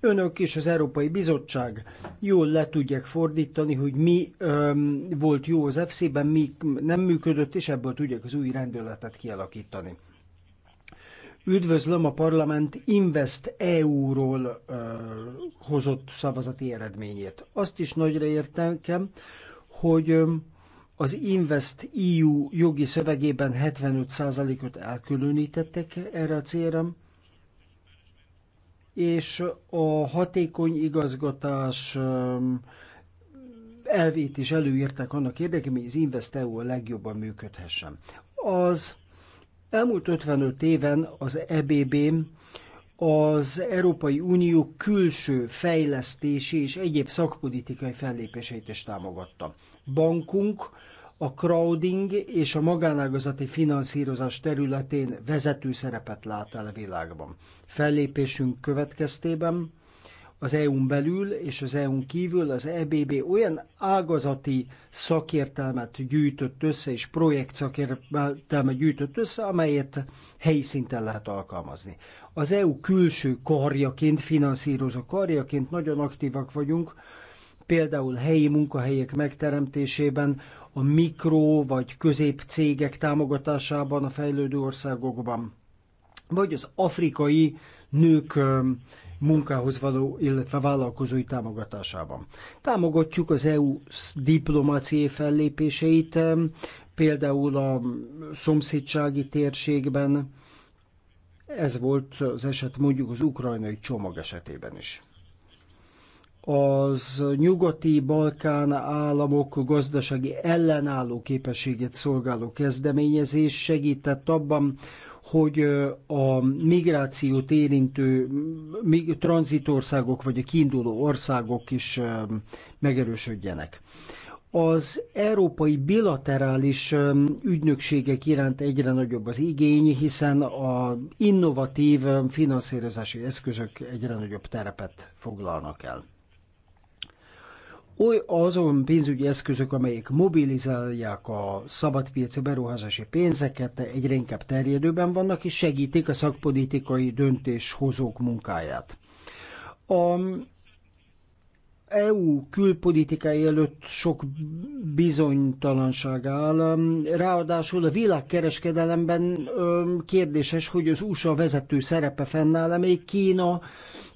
önök és az Európai Bizottság jól le tudják fordítani, hogy mi öm, volt jó az FC-ben, mi nem működött, és ebből tudják az új rendőletet kialakítani. Üdvözlöm a parlament Invest EU-ról hozott szavazati eredményét. Azt is nagyra értem, hogy az Invest EU jogi szövegében 75%-ot elkülönítettek erre a célra, és a hatékony igazgatás elvét is előírták annak érdekében, hogy az InvestEU a legjobban működhessen. Az elmúlt 55 éven az EBB az Európai Unió külső fejlesztési és egyéb szakpolitikai fellépéseit is támogatta. Bankunk a crowding és a magánágazati finanszírozás területén vezető szerepet lát el a világban. Fellépésünk következtében az EU-n belül és az EU-n kívül az EBB olyan ágazati szakértelmet gyűjtött össze, és projekt szakértelmet gyűjtött össze, amelyet helyi szinten lehet alkalmazni. Az EU külső karjaként, finanszírozó karjaként nagyon aktívak vagyunk, például helyi munkahelyek megteremtésében, a mikro vagy cégek támogatásában a fejlődő országokban, vagy az afrikai nők munkához való, illetve vállalkozói támogatásában. Támogatjuk az EU diplomáciai fellépéseit, például a szomszédsági térségben, ez volt az eset mondjuk az ukrajnai csomag esetében is az nyugati Balkán államok gazdasági ellenálló képességét szolgáló kezdeményezés segített abban, hogy a migrációt érintő tranzitországok vagy a kiinduló országok is megerősödjenek. Az európai bilaterális ügynökségek iránt egyre nagyobb az igény, hiszen a innovatív finanszírozási eszközök egyre nagyobb terepet foglalnak el oly azon pénzügyi eszközök, amelyek mobilizálják a szabadpiaci beruházási pénzeket, egyre inkább terjedőben vannak, és segítik a szakpolitikai döntéshozók munkáját. A EU külpolitikai előtt sok bizonytalanság áll. Ráadásul a világkereskedelemben kérdéses, hogy az USA vezető szerepe fennáll, amely Kína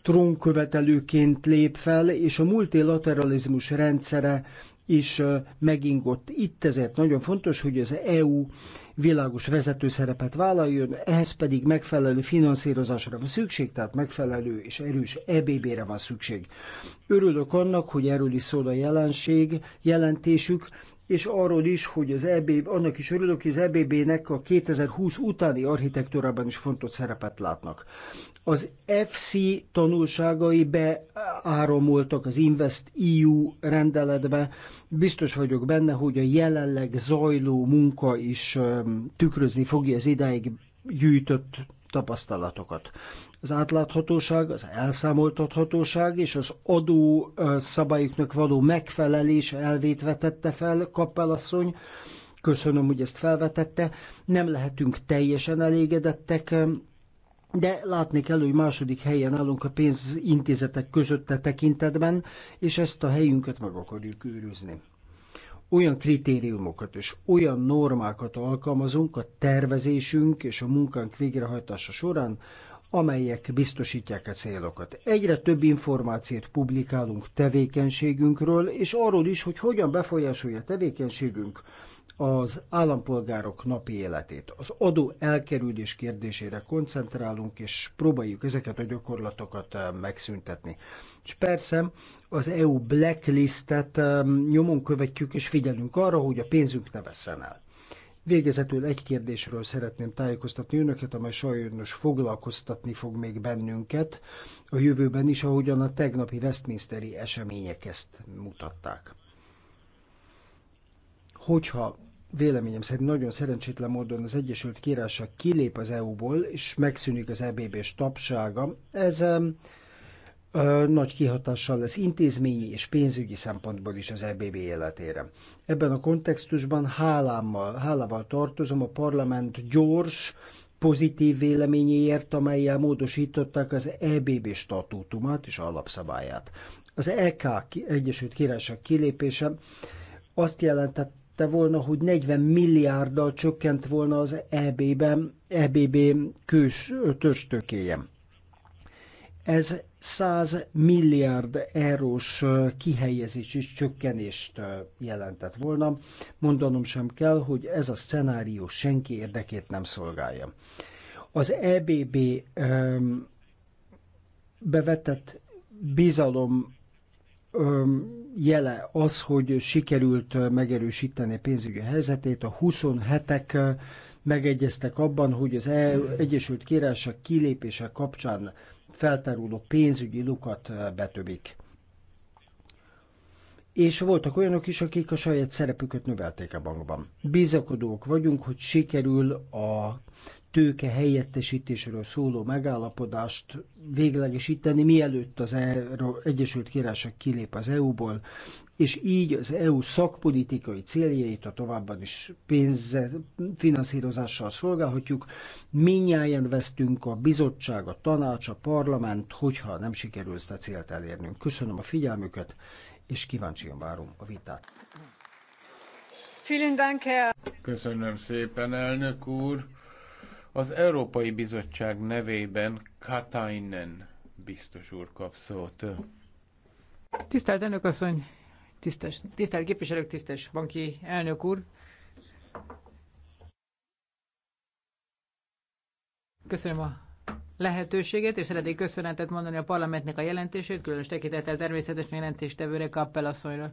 trónkövetelőként lép fel, és a multilateralizmus rendszere is megingott. Itt ezért nagyon fontos, hogy az EU világos vezető szerepet vállaljon, ehhez pedig megfelelő finanszírozásra van szükség, tehát megfelelő és erős EBB-re van szükség. Örülök annak, hogy erről is szól a jelenség, jelentésük, és arról is, hogy az EB, annak is örülök, hogy az EBB-nek a 2020 utáni architektúrában is fontos szerepet látnak. Az FC tanulságai beáramoltak az Invest EU rendeletbe. Biztos vagyok benne, hogy a jelenleg zajló munka is tükrözni fogja az idáig gyűjtött tapasztalatokat. Az átláthatóság, az elszámoltathatóság és az adó szabályoknak való megfelelés elvét vetette fel kappelasszony. Köszönöm, hogy ezt felvetette. Nem lehetünk teljesen elégedettek, de látni kell, hogy második helyen állunk a pénzintézetek között a e tekintetben, és ezt a helyünket meg akarjuk őrizni. Olyan kritériumokat és olyan normákat alkalmazunk a tervezésünk és a munkánk végrehajtása során, amelyek biztosítják a célokat. Egyre több információt publikálunk tevékenységünkről, és arról is, hogy hogyan befolyásolja a tevékenységünk az állampolgárok napi életét. Az adó elkerülés kérdésére koncentrálunk, és próbáljuk ezeket a gyakorlatokat eh, megszüntetni. És persze az EU blacklistet eh, nyomon követjük, és figyelünk arra, hogy a pénzünk ne vesszen el. Végezetül egy kérdésről szeretném tájékoztatni önöket, amely sajnos foglalkoztatni fog még bennünket a jövőben is, ahogyan a tegnapi Westminsteri események ezt mutatták. Hogyha véleményem szerint nagyon szerencsétlen módon az Egyesült Királyság kilép az EU-ból, és megszűnik az EBB-s tapsága, ez nagy kihatással lesz intézményi és pénzügyi szempontból is az EBB életére. Ebben a kontextusban hálámmal, hálával tartozom a parlament gyors, pozitív véleményéért, amelyel módosították az EBB statútumát és alapszabályát. Az EK Egyesült Királyság kilépése azt jelentette volna, hogy 40 milliárddal csökkent volna az ebb ben EBB kős törstökéje. Ez 100 milliárd eurós kihelyezési csökkenést jelentett volna. Mondanom sem kell, hogy ez a szenárió senki érdekét nem szolgálja. Az EBB öm, bevetett bizalom öm, jele az, hogy sikerült megerősíteni pénzügyi helyzetét. A 27-ek megegyeztek abban, hogy az EU, Egyesült Királyság kilépése kapcsán feltáruló pénzügyi lukat betöbik. És voltak olyanok is, akik a saját szerepüket növelték a bankban. Bizakodók vagyunk, hogy sikerül a tőke helyettesítésről szóló megállapodást véglegesíteni, mielőtt az Egyesült Királyság kilép az EU-ból, és így az EU szakpolitikai céljait a továbban is pénzzel, finanszírozással szolgálhatjuk. Minnyáján vesztünk a bizottság, a tanács, a parlament, hogyha nem sikerül ezt a célt elérnünk. Köszönöm a figyelmüket, és kíváncsian várom a vitát. Köszönöm szépen, elnök úr! Az Európai Bizottság nevében Katainen biztos úr kap szót. Tisztelt elnök asszony, Tisztes, tisztelt képviselők, tisztes banki elnök úr! Köszönöm a lehetőséget, és szeretnék köszönetet mondani a parlamentnek a jelentését, különös tekintettel természetesen jelentéstevőre Kappel asszonyra.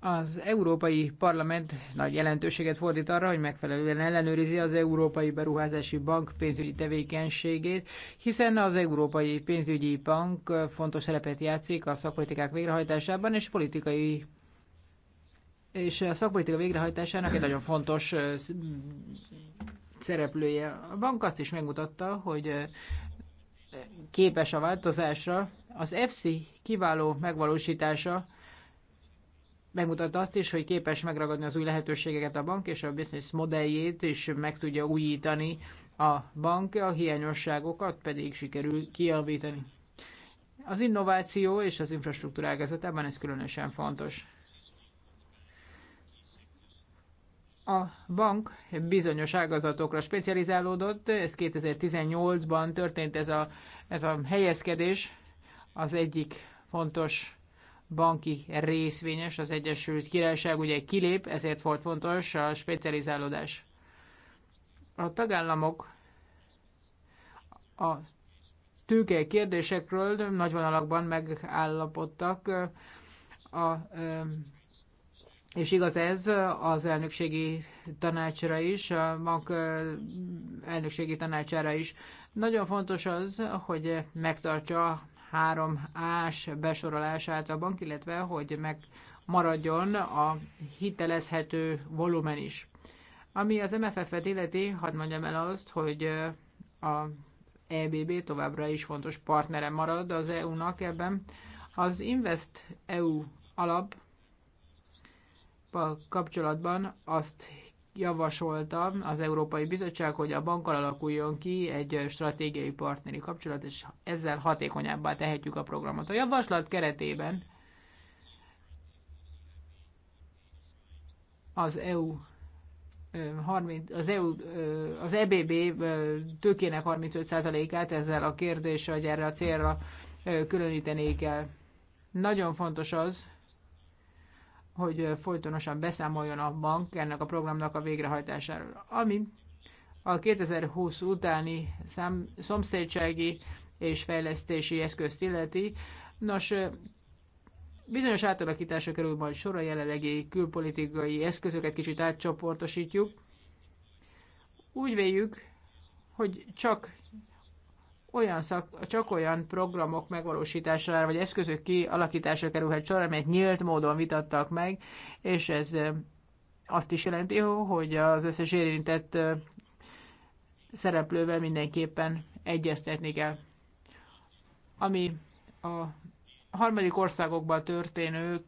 Az Európai Parlament nagy jelentőséget fordít arra, hogy megfelelően ellenőrizi az Európai Beruházási Bank pénzügyi tevékenységét, hiszen az Európai Pénzügyi Bank fontos szerepet játszik a szakpolitikák végrehajtásában és politikai és a szakpolitika végrehajtásának egy nagyon fontos szereplője. A bank azt is megmutatta, hogy képes a változásra. Az EFSI kiváló megvalósítása megmutatta azt is, hogy képes megragadni az új lehetőségeket a bank, és a business modelljét is meg tudja újítani a bank, a hiányosságokat pedig sikerül kiavítani. Az innováció és az infrastruktúra ágazatában ez különösen fontos. A bank bizonyos ágazatokra specializálódott, ez 2018-ban történt ez a, ez a helyezkedés, az egyik fontos banki részvényes az Egyesült Királyság, ugye kilép, ezért volt fontos a specializálódás. A tagállamok a tőke kérdésekről nagy vonalakban megállapodtak, a, és igaz ez az elnökségi tanácsra is, a bank elnökségi tanácsára is. Nagyon fontos az, hogy megtartsa 3-ás besorolását a bank, illetve hogy megmaradjon a hitelezhető volumen is. Ami az MFF-et illeti, hadd mondjam el azt, hogy a EBB továbbra is fontos partnere marad az EU-nak ebben. Az Invest EU alap kapcsolatban azt javasolta az Európai Bizottság, hogy a bankkal alakuljon ki egy stratégiai partneri kapcsolat, és ezzel hatékonyabbá tehetjük a programot. A javaslat keretében az EU 30, az, EU, az EBB tőkének 35%-át ezzel a kérdéssel, hogy erre a célra különítenék el. Nagyon fontos az, hogy folytonosan beszámoljon a bank ennek a programnak a végrehajtásáról. Ami a 2020 utáni szám, szomszédsági és fejlesztési eszközt illeti. Nos, bizonyos átalakításra kerül majd sor a jelenlegi külpolitikai eszközöket kicsit átcsoportosítjuk. Úgy véljük, hogy csak olyan szak, csak olyan programok megvalósítására vagy eszközök kialakítására kerülhet sor, amelyet nyílt módon vitattak meg, és ez azt is jelenti, hogy az összes érintett szereplővel mindenképpen egyeztetni kell. Ami a harmadik országokban történő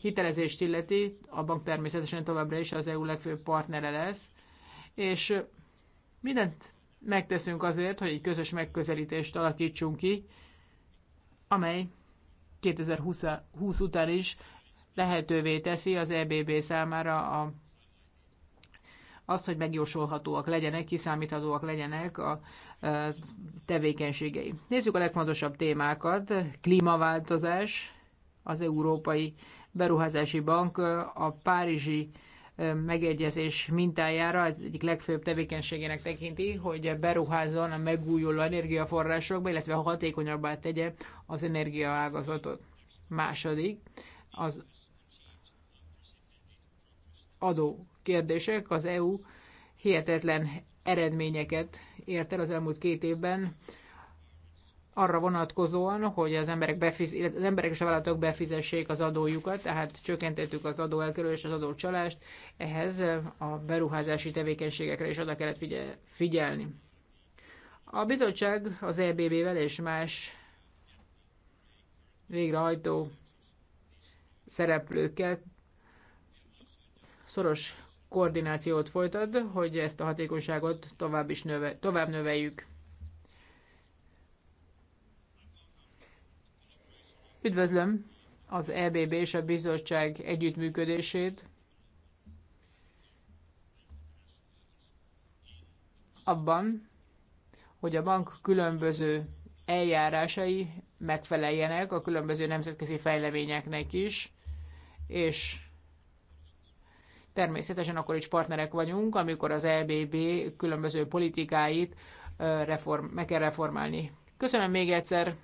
hitelezést illeti, a bank természetesen továbbra is az EU legfőbb partnere lesz, és mindent megteszünk azért, hogy egy közös megközelítést alakítsunk ki, amely 2020 után is lehetővé teszi az EBB számára a, azt, hogy megjósolhatóak legyenek, kiszámíthatóak legyenek a, a tevékenységei. Nézzük a legfontosabb témákat. Klímaváltozás, az Európai Beruházási Bank a Párizsi megegyezés mintájára, az egyik legfőbb tevékenységének tekinti, hogy beruházzon a megújuló energiaforrásokba, illetve hatékonyabbá tegye az energiaágazatot. Második, az adó kérdések, az EU hihetetlen eredményeket ért el az elmúlt két évben, arra vonatkozóan, hogy az emberek, befiz, az emberek és a vállalatok befizessék az adójukat, tehát csökkentettük az adóelkerülést, az adócsalást, ehhez a beruházási tevékenységekre is oda kellett figyelni. A bizottság az EBB-vel és más végrehajtó szereplőkkel szoros koordinációt folytat, hogy ezt a hatékonyságot tovább is növe, tovább növeljük. Üdvözlöm az EBB és a bizottság együttműködését. Abban, hogy a bank különböző eljárásai megfeleljenek a különböző nemzetközi fejleményeknek is, és természetesen akkor is partnerek vagyunk, amikor az EBB különböző politikáit reform, meg kell reformálni. Köszönöm még egyszer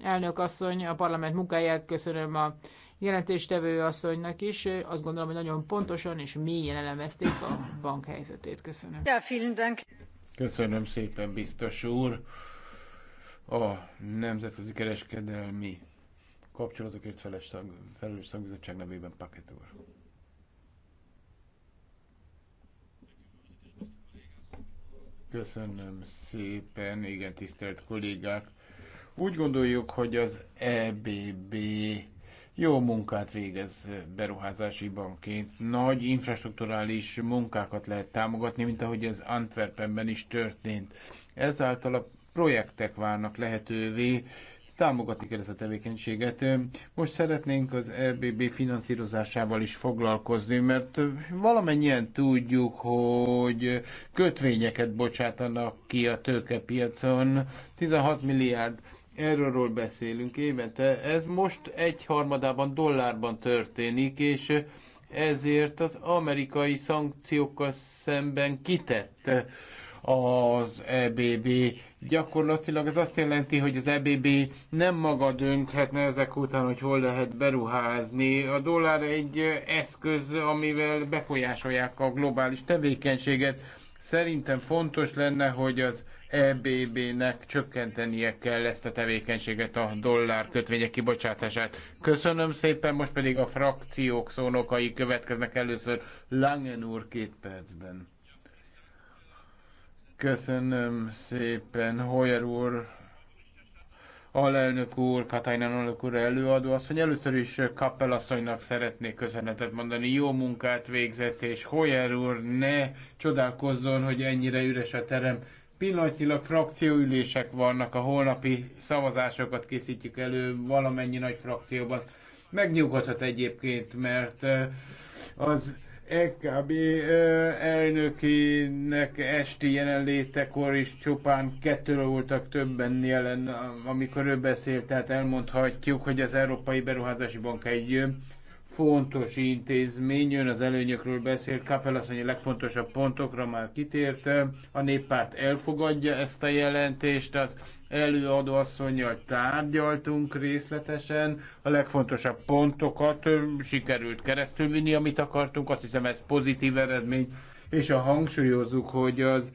elnök asszony, a parlament munkáját köszönöm a jelentéstevő asszonynak is. Azt gondolom, hogy nagyon pontosan és mélyen elemezték a bank helyzetét. Köszönöm. Ja, vielen Dank. Köszönöm szépen, biztos úr. A Nemzetközi Kereskedelmi Kapcsolatokért szag, Felelős Szakbizottság nevében Paket úr. Köszönöm szépen, igen, tisztelt kollégák úgy gondoljuk, hogy az EBB jó munkát végez beruházási bankként. Nagy infrastruktúrális munkákat lehet támogatni, mint ahogy ez Antwerpenben is történt. Ezáltal a projektek válnak lehetővé, támogatni kell ezt a tevékenységet. Most szeretnénk az EBB finanszírozásával is foglalkozni, mert valamennyien tudjuk, hogy kötvényeket bocsátanak ki a tőkepiacon. 16 milliárd Erről beszélünk évente. Ez most egyharmadában dollárban történik, és ezért az amerikai szankciókkal szemben kitett az EBB. Gyakorlatilag ez azt jelenti, hogy az EBB nem maga dönthetne ezek után, hogy hol lehet beruházni. A dollár egy eszköz, amivel befolyásolják a globális tevékenységet Szerintem fontos lenne, hogy az EBB-nek csökkentenie kell ezt a tevékenységet, a dollár kötvények kibocsátását. Köszönöm szépen, most pedig a frakciók szónokai következnek először Langen úr két percben. Köszönöm szépen, Hoyer úr, alelnök úr, Katajnán alelnök úr előadó azt, hogy először is kapelasszonynak szeretnék köszönetet mondani, jó munkát végzett, és Hoyer úr ne csodálkozzon, hogy ennyire üres a terem. Pillanatnyilag frakcióülések vannak, a holnapi szavazásokat készítjük elő valamennyi nagy frakcióban. Megnyugodhat egyébként, mert eh, az EKB elnökének esti jelenlétekor is csupán kettőről voltak többen jelen, amikor ő beszélt, tehát elmondhatjuk, hogy az Európai Beruházási Bank egy fontos intézmény, jön az előnyökről beszélt, Kapel asszony a legfontosabb pontokra már kitért, a néppárt elfogadja ezt a jelentést, az előadó hogy tárgyaltunk részletesen, a legfontosabb pontokat sikerült keresztülvinni, amit akartunk, azt hiszem ez pozitív eredmény, és a hangsúlyozzuk, hogy az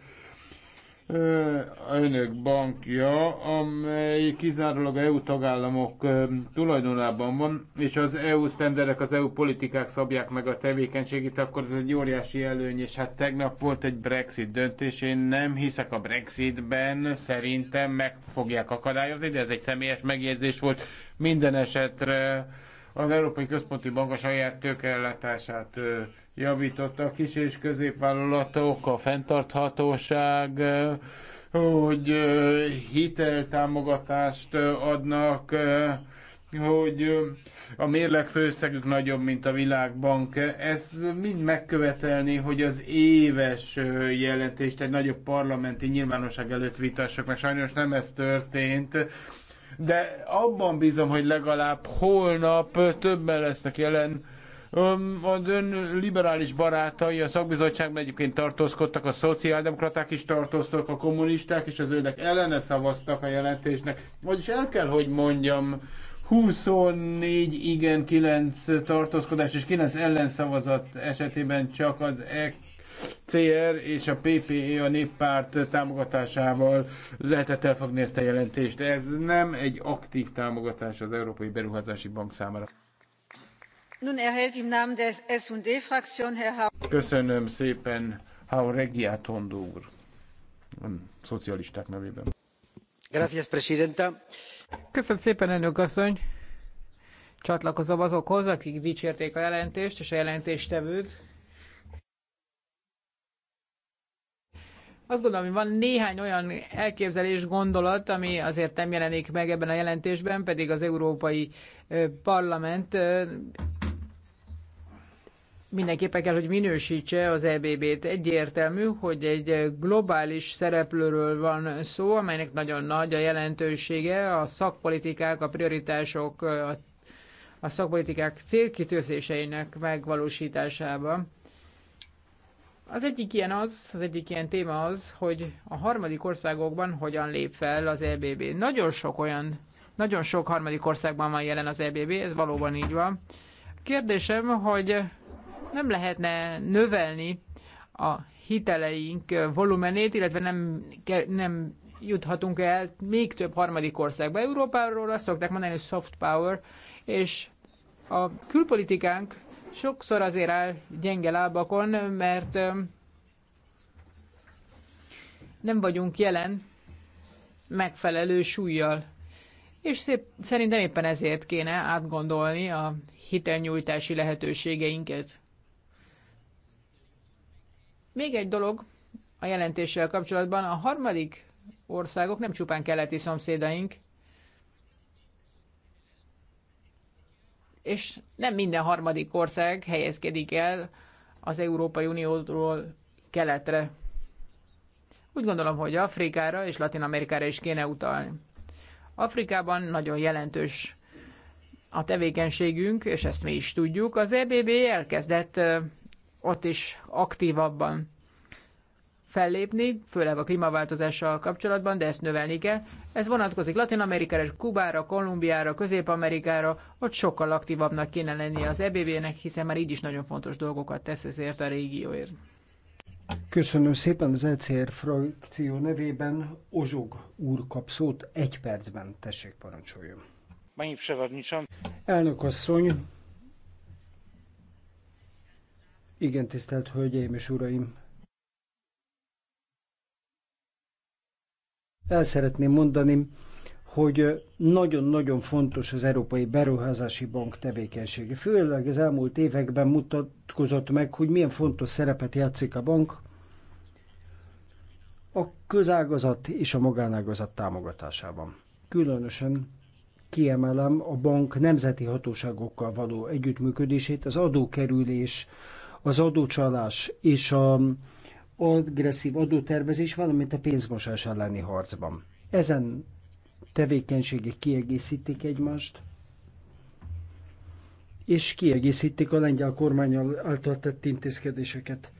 önök bankja, amely kizárólag EU tagállamok tulajdonában van, és az EU sztenderek, az EU politikák szabják meg a tevékenységét, akkor ez egy óriási előny, és hát tegnap volt egy Brexit döntés, én nem hiszek a Brexitben, szerintem meg fogják akadályozni, de ez egy személyes megjegyzés volt. Minden esetre az Európai Központi Bank a saját tőkeellátását javította a kis és középvállalatok, a fenntarthatóság, hogy hiteltámogatást adnak, hogy a mérleg főszegük nagyobb, mint a világbank. Ez mind megkövetelni, hogy az éves jelentést egy nagyobb parlamenti nyilvánosság előtt vitassak, mert sajnos nem ez történt de abban bízom, hogy legalább holnap többen lesznek jelen. Az ön liberális barátai a szakbizottságban egyébként tartózkodtak, a szociáldemokraták is tartóztak, a kommunisták és az zöldek ellene szavaztak a jelentésnek. Vagyis el kell, hogy mondjam, 24 igen, 9 tartózkodás és 9 ellenszavazat esetében csak az EK CR és a PPE a néppárt támogatásával lehetett elfogni ezt a jelentést. Ez nem egy aktív támogatás az Európai Beruházási Bank számára. Nun erhält im Namen S&D Fraktion Herr ha Köszönöm szépen, Hauregi Atondo úr, a szocialisták nevében. Gracias, Presidenta. Köszönöm szépen, elnök asszony. Csatlakozom azokhoz, akik dicsérték a jelentést és a jelentéstevőt Azt gondolom, hogy van néhány olyan elképzelés, gondolat, ami azért nem jelenik meg ebben a jelentésben, pedig az Európai Parlament mindenképpen kell, hogy minősítse az EBB-t. Egyértelmű, hogy egy globális szereplőről van szó, amelynek nagyon nagy a jelentősége, a szakpolitikák, a prioritások, a, a szakpolitikák célkitűzéseinek megvalósításában. Az egyik ilyen az, az egyik ilyen téma az, hogy a harmadik országokban hogyan lép fel az EBB. Nagyon sok olyan, nagyon sok harmadik országban van jelen az EBB, ez valóban így van. Kérdésem, hogy nem lehetne növelni a hiteleink volumenét, illetve nem, nem juthatunk el még több harmadik országba. Európáról azt szokták mondani, hogy soft power, és a külpolitikánk sokszor azért áll gyenge lábakon, mert nem vagyunk jelen megfelelő súlyjal. És szép, szerintem éppen ezért kéne átgondolni a hitelnyújtási lehetőségeinket. Még egy dolog a jelentéssel kapcsolatban, a harmadik országok nem csupán keleti szomszédaink, és nem minden harmadik ország helyezkedik el az Európai Uniótól keletre. Úgy gondolom, hogy Afrikára és Latin Amerikára is kéne utalni. Afrikában nagyon jelentős a tevékenységünk, és ezt mi is tudjuk. Az EBB elkezdett ott is aktívabban fellépni, főleg a klímaváltozással kapcsolatban, de ezt növelni kell. Ez vonatkozik Latin Amerikára, Kubára, Kolumbiára, Közép-Amerikára, ott sokkal aktívabbnak kéne lenni az EBV-nek, hiszen már így is nagyon fontos dolgokat tesz ezért a régióért. Köszönöm szépen az ECR frakció nevében. Ozsog úr kap szót, egy percben tessék parancsoljon. Elnök asszony, igen tisztelt hölgyeim és uraim, el szeretném mondani, hogy nagyon-nagyon fontos az Európai Beruházási Bank tevékenysége. Főleg az elmúlt években mutatkozott meg, hogy milyen fontos szerepet játszik a bank a közágazat és a magánágazat támogatásában. Különösen kiemelem a bank nemzeti hatóságokkal való együttműködését, az adókerülés, az adócsalás és a agresszív adótervezés, valamint a pénzmosás elleni harcban. Ezen tevékenységek kiegészítik egymást, és kiegészítik a lengyel kormány által tett intézkedéseket.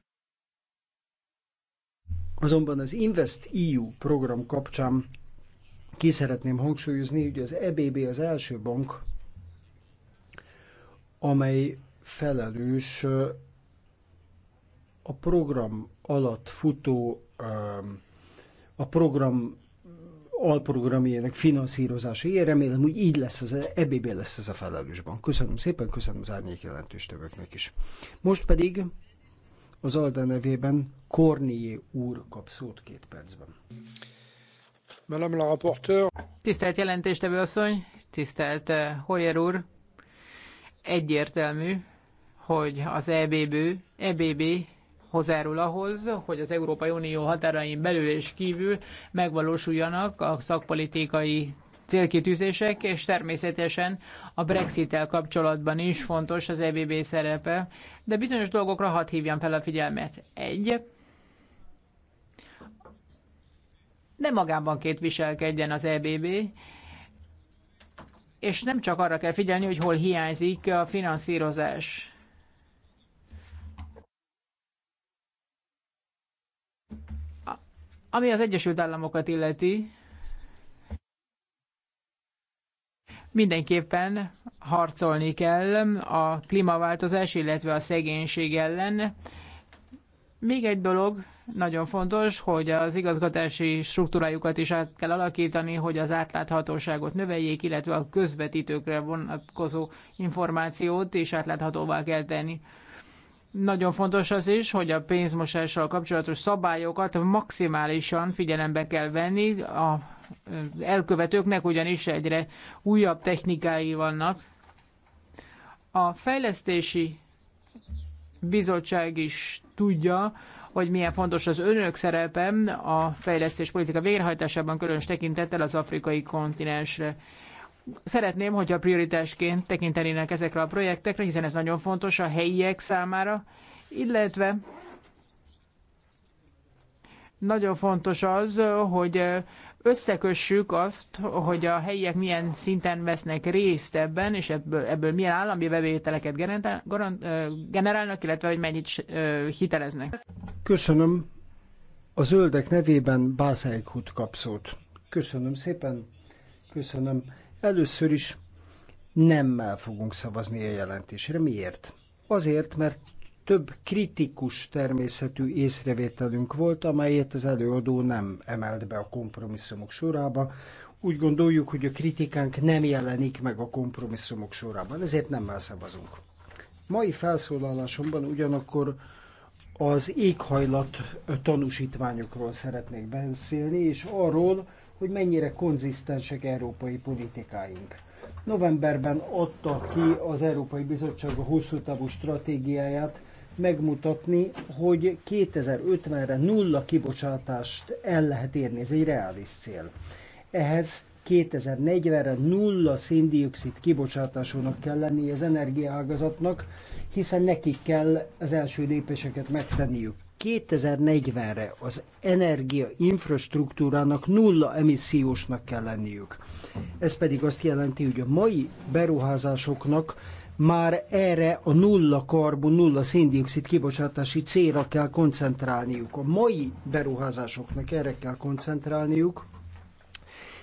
Azonban az Invest EU program kapcsán ki szeretném hangsúlyozni, hogy az EBB az első bank, amely felelős a program alatt futó, a program alprogramjének finanszírozása. Én remélem, hogy így lesz az EBB e lesz ez a felelősban. Köszönöm szépen, köszönöm az árnyék jelentős tövöknek is. Most pedig az Alda nevében Kornié úr kap szót két percben. Madame la rapporteur. Tisztelt jelentéstevő asszony, tisztelt eh, Hoyer úr, egyértelmű, hogy az EBB, EBB hozzájárul ahhoz, hogy az Európai Unió határain belül és kívül megvalósuljanak a szakpolitikai célkitűzések, és természetesen a Brexit-tel kapcsolatban is fontos az EBB szerepe, de bizonyos dolgokra hadd hívjam fel a figyelmet. Egy, nem magában két viselkedjen az EBB, és nem csak arra kell figyelni, hogy hol hiányzik a finanszírozás. Ami az Egyesült Államokat illeti, mindenképpen harcolni kell a klímaváltozás, illetve a szegénység ellen. Még egy dolog nagyon fontos, hogy az igazgatási struktúrájukat is át kell alakítani, hogy az átláthatóságot növeljék, illetve a közvetítőkre vonatkozó információt is átláthatóvá kell tenni. Nagyon fontos az is, hogy a pénzmosással kapcsolatos szabályokat maximálisan figyelembe kell venni, a elkövetőknek ugyanis egyre újabb technikái vannak. A fejlesztési bizottság is tudja, hogy milyen fontos az önök szerepe a fejlesztés politika végrehajtásában, különös tekintettel az afrikai kontinensre szeretném, hogyha prioritásként tekintenének ezekre a projektekre, hiszen ez nagyon fontos a helyiek számára, illetve nagyon fontos az, hogy összekössük azt, hogy a helyiek milyen szinten vesznek részt ebben, és ebből, ebből milyen állami bevételeket generálnak, illetve hogy mennyit hiteleznek. Köszönöm. A zöldek nevében Bászáig Hut kap Köszönöm szépen. Köszönöm. Először is nemmel fogunk szavazni a jelentésre. Miért? Azért, mert több kritikus természetű észrevételünk volt, amelyet az előadó nem emelt be a kompromisszumok sorába. Úgy gondoljuk, hogy a kritikánk nem jelenik meg a kompromisszumok sorában, ezért nem szavazunk. Mai felszólalásomban ugyanakkor az éghajlat tanúsítványokról szeretnék beszélni, és arról, hogy mennyire konzisztensek európai politikáink. Novemberben adta ki az Európai Bizottság a hosszú távú stratégiáját, megmutatni, hogy 2050-re nulla kibocsátást el lehet érni. Ez egy reális cél. Ehhez 2040-re nulla széndiokszid kibocsátásúnak kell lennie az energiaágazatnak, hiszen nekik kell az első lépéseket megtenniük. 2040-re az energia infrastruktúrának nulla emissziósnak kell lenniük. Ez pedig azt jelenti, hogy a mai beruházásoknak már erre a nulla karbon, nulla széndiokszid kibocsátási célra kell koncentrálniuk. A mai beruházásoknak erre kell koncentrálniuk.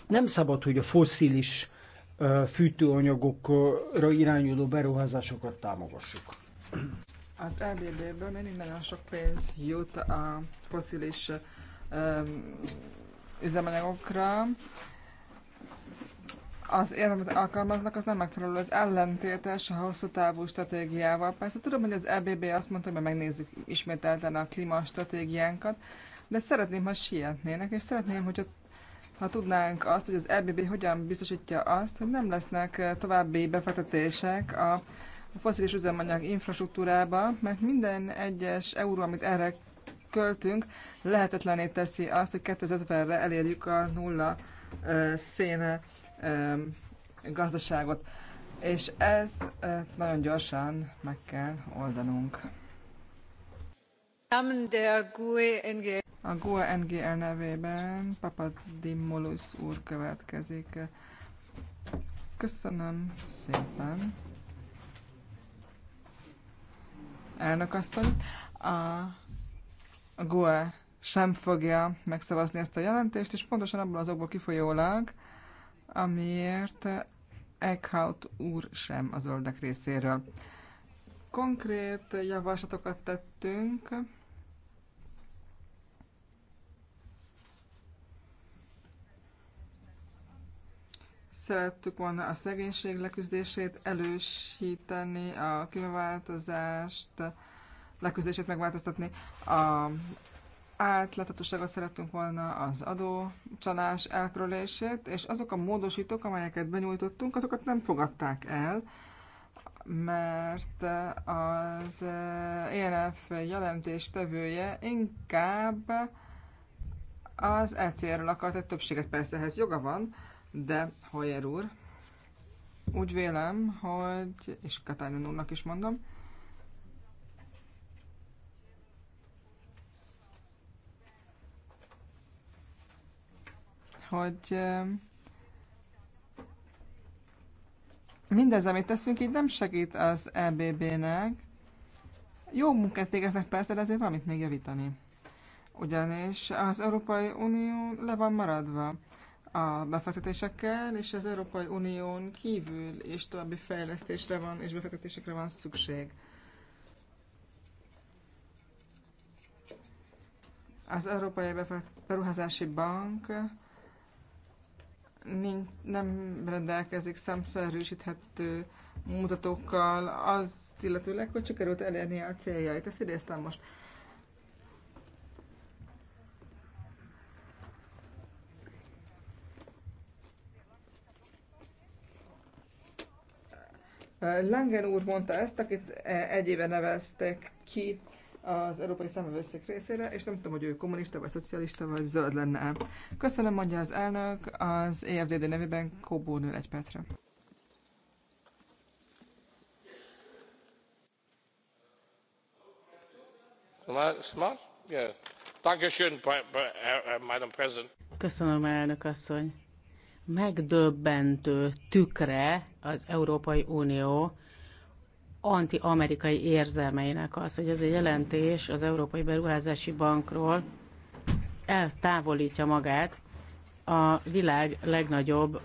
Nem szabad, hogy a fosszilis fűtőanyagokra irányuló beruházásokat támogassuk. Az EBB-ből mindig nagyon sok pénz jut a foszilis um, üzemanyagokra. Az ér, amit alkalmaznak, az nem megfelelő, az ellentétes a hosszú távú stratégiával. Persze tudom, hogy az EBB azt mondta, hogy megnézzük ismételten a klímastratégiánkat, de szeretném, ha sietnének, és szeretném, hogy ha tudnánk azt, hogy az EBB hogyan biztosítja azt, hogy nem lesznek további befektetések a a foszilis üzemanyag infrastruktúrába, mert minden egyes euró, amit erre költünk, lehetetlené teszi azt, hogy 2050-re elérjük a nulla ö, gazdaságot. És ez nagyon gyorsan meg kell oldanunk. A GUE NGL e nevében Papadimolus úr következik. Köszönöm szépen. elnök A GUE sem fogja megszavazni ezt a jelentést, és pontosan abból az okból kifolyólag, amiért Eckhout úr sem a zöldek részéről. Konkrét javaslatokat tettünk, szerettük volna a szegénység leküzdését elősíteni, a klímaváltozást, leküzdését megváltoztatni, a átláthatóságot szerettünk volna az adócsalás elkerülését, és azok a módosítók, amelyeket benyújtottunk, azokat nem fogadták el, mert az ENF eh, e jelentéstevője inkább az ECR-ről akart egy többséget, persze ehhez joga van, de Hajer úr, úgy vélem, hogy, és Katalin úrnak is mondom, hogy mindez, amit teszünk, így nem segít az EBB-nek. Jó munkát végeznek persze, de azért valamit még javítani. Ugyanis az Európai Unió le van maradva a befektetésekkel, és az Európai Unión kívül is további fejlesztésre van és befektetésekre van szükség. Az Európai Beruházási Bank nem rendelkezik szemszerűsíthető mutatókkal, az illetőleg, hogy sikerült elérni a céljait. Ezt idéztem most. Langen úr mondta ezt, akit e, egy éve neveztek ki az Európai Számövőszék részére, és nem tudom, hogy ő kommunista, vagy szocialista, vagy zöld lenne. Köszönöm, mondja az elnök, az EFDD nevében Kóbó nő egy percre. Eh, eh, Köszönöm, elnök asszony megdöbbentő tükre az Európai Unió anti-amerikai érzelmeinek az, hogy ez a jelentés az Európai Beruházási Bankról eltávolítja magát a világ legnagyobb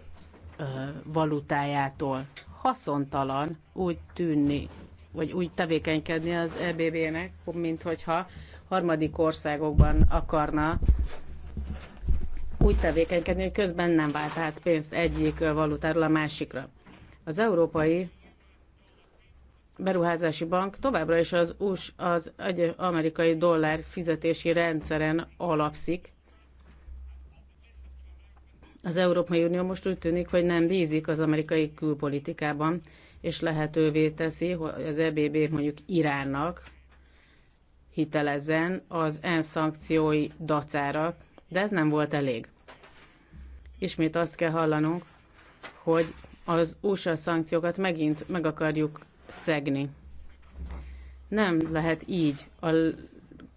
ö, valutájától. Haszontalan úgy tűnni, vagy úgy tevékenykedni az EBB-nek, mint hogyha harmadik országokban akarna úgy tevékenykedni, hogy közben nem vált át pénzt egyik valutáról a másikra. Az Európai Beruházási Bank továbbra is az US, az egy amerikai dollár fizetési rendszeren alapszik. Az Európai Unió most úgy tűnik, hogy nem bízik az amerikai külpolitikában, és lehetővé teszi, hogy az EBB mondjuk Iránnak hitelezzen az ENSZ szankciói dacára, de ez nem volt elég ismét azt kell hallanunk, hogy az USA szankciókat megint meg akarjuk szegni. Nem lehet így a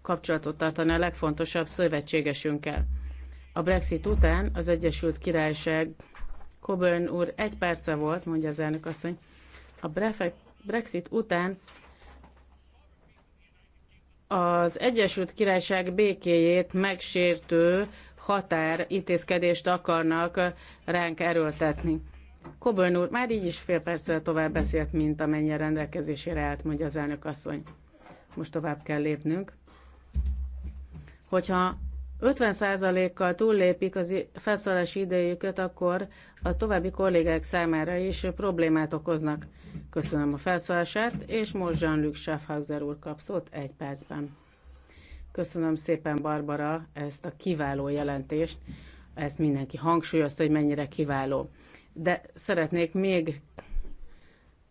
kapcsolatot tartani a legfontosabb szövetségesünkkel. A Brexit után az Egyesült Királyság Coburn úr egy perce volt, mondja az elnök asszony, a Brexit után az Egyesült Királyság békéjét megsértő határ intézkedést akarnak ránk erőltetni. Kobolyn úr már így is fél perccel tovább beszélt, mint amennyire rendelkezésére állt, mondja az elnök asszony. Most tovább kell lépnünk. Hogyha 50%-kal túllépik az felszólási idejüket, akkor a további kollégák számára is problémát okoznak. Köszönöm a felszólását, és most Jean-Luc Schaffhauser úr kap szót egy percben. Köszönöm szépen, Barbara, ezt a kiváló jelentést. Ezt mindenki hangsúlyozta, hogy mennyire kiváló. De szeretnék még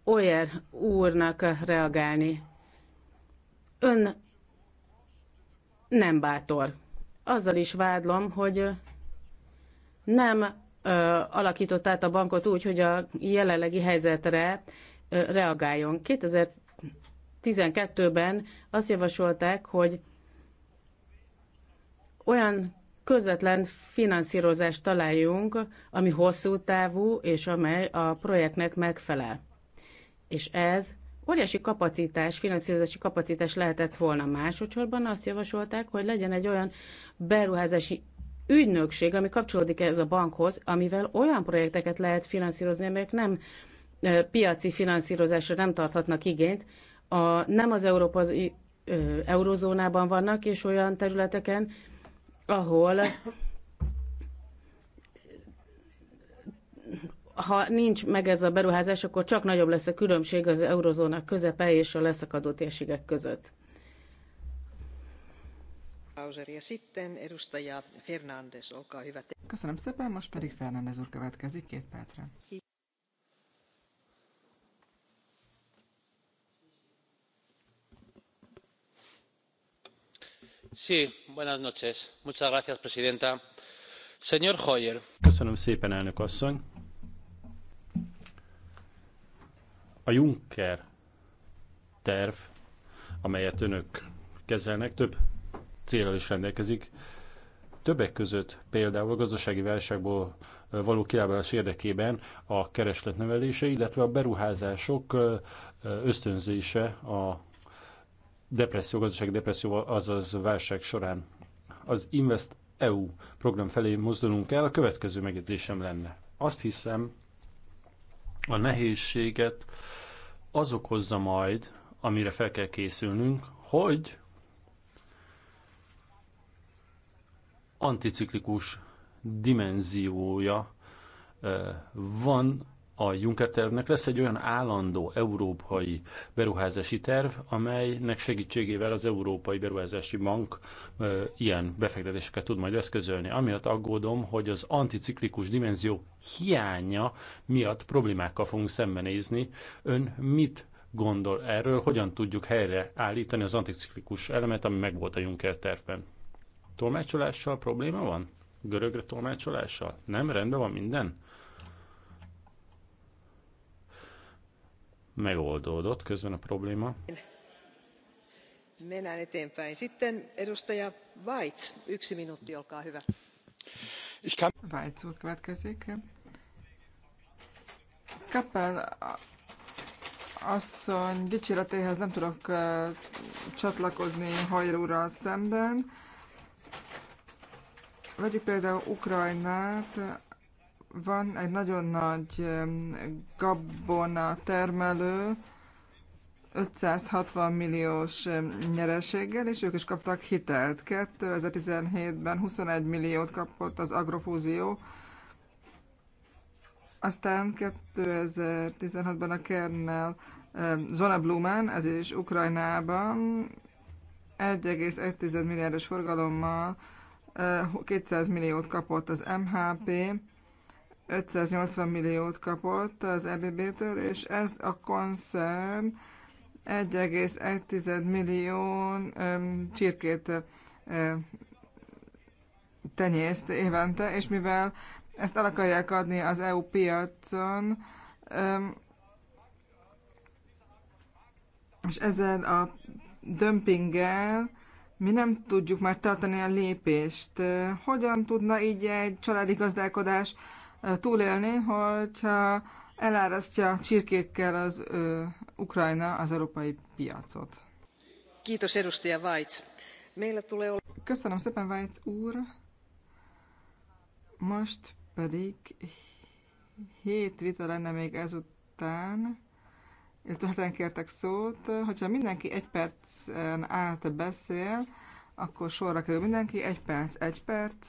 Oyer úrnak reagálni. Ön nem bátor. Azzal is vádlom, hogy nem ö, alakított át a bankot úgy, hogy a jelenlegi helyzetre ö, reagáljon. 2012-ben azt javasolták, hogy olyan közvetlen finanszírozást találjunk, ami hosszú távú, és amely a projektnek megfelel. És ez óriási kapacitás, finanszírozási kapacitás lehetett volna. Másodszorban azt javasolták, hogy legyen egy olyan beruházási ügynökség, ami kapcsolódik ez a bankhoz, amivel olyan projekteket lehet finanszírozni, amelyek nem piaci finanszírozásra nem tarthatnak igényt, a, nem az európai eurózónában eurozónában vannak, és olyan területeken, ahol ha nincs meg ez a beruházás, akkor csak nagyobb lesz a különbség az eurozóna közepe és a leszakadó térségek között. Köszönöm szépen, most pedig Fernández úr következik két percre. Köszönöm szépen, señor hoyer A Juncker terv, amelyet önök kezelnek, több céllal is rendelkezik. Többek között például a gazdasági válságból való kilábalás érdekében a kereslet növelése, illetve a beruházások ösztönzése a depresszió, gazdasági depresszió, azaz válság során az Invest EU program felé mozdulunk el, a következő megjegyzésem lenne. Azt hiszem, a nehézséget az okozza majd, amire fel kell készülnünk, hogy anticiklikus dimenziója eh, van a Juncker tervnek lesz egy olyan állandó európai beruházási terv, amelynek segítségével az Európai Beruházási Bank e, ilyen befektetéseket tud majd eszközölni. Amiatt aggódom, hogy az anticiklikus dimenzió hiánya miatt problémákkal fogunk szembenézni. Ön mit gondol erről, hogyan tudjuk helyreállítani az anticiklikus elemet, ami megvolt a Juncker tervben? Tolmácsolással probléma van? Görögre tolmácsolással? Nem? Rendben van minden? megoldódott közben a probléma. Mennään eteenpäin. Sitten edustaja Weitz, yksi minuutti, olkaa hyvä. Weitz úr következik. Kappel asszony dicséretéhez nem tudok uh, csatlakozni Hajer szemben. Vegyük például Ukrajnát, van egy nagyon nagy gabona termelő, 560 milliós nyereséggel, és ők is kaptak hitelt. 2017-ben 21 milliót kapott az agrofúzió, aztán 2016-ban a Kernel Zona Blumen, ez is Ukrajnában, 1,1 milliárdos forgalommal 200 eh, milliót kapott az MHP, 580 milliót kapott az EBB-től, és ez a koncern 1,1 millió csirkét tenyészt évente, és mivel ezt el akarják adni az EU piacon, és ezzel a dömpinggel mi nem tudjuk már tartani a lépést. Hogyan tudna így egy családi gazdálkodás túlélni, hogyha elárasztja csirkékkel az ö, Ukrajna az európai piacot. Kiitos Erustia Vajc. Köszönöm szépen, Vajc úr. Most pedig hét vita lenne még ezután, illetve hát kértek szót. Hogyha mindenki egy percen át beszél, akkor sorra kerül mindenki, egy perc, egy perc,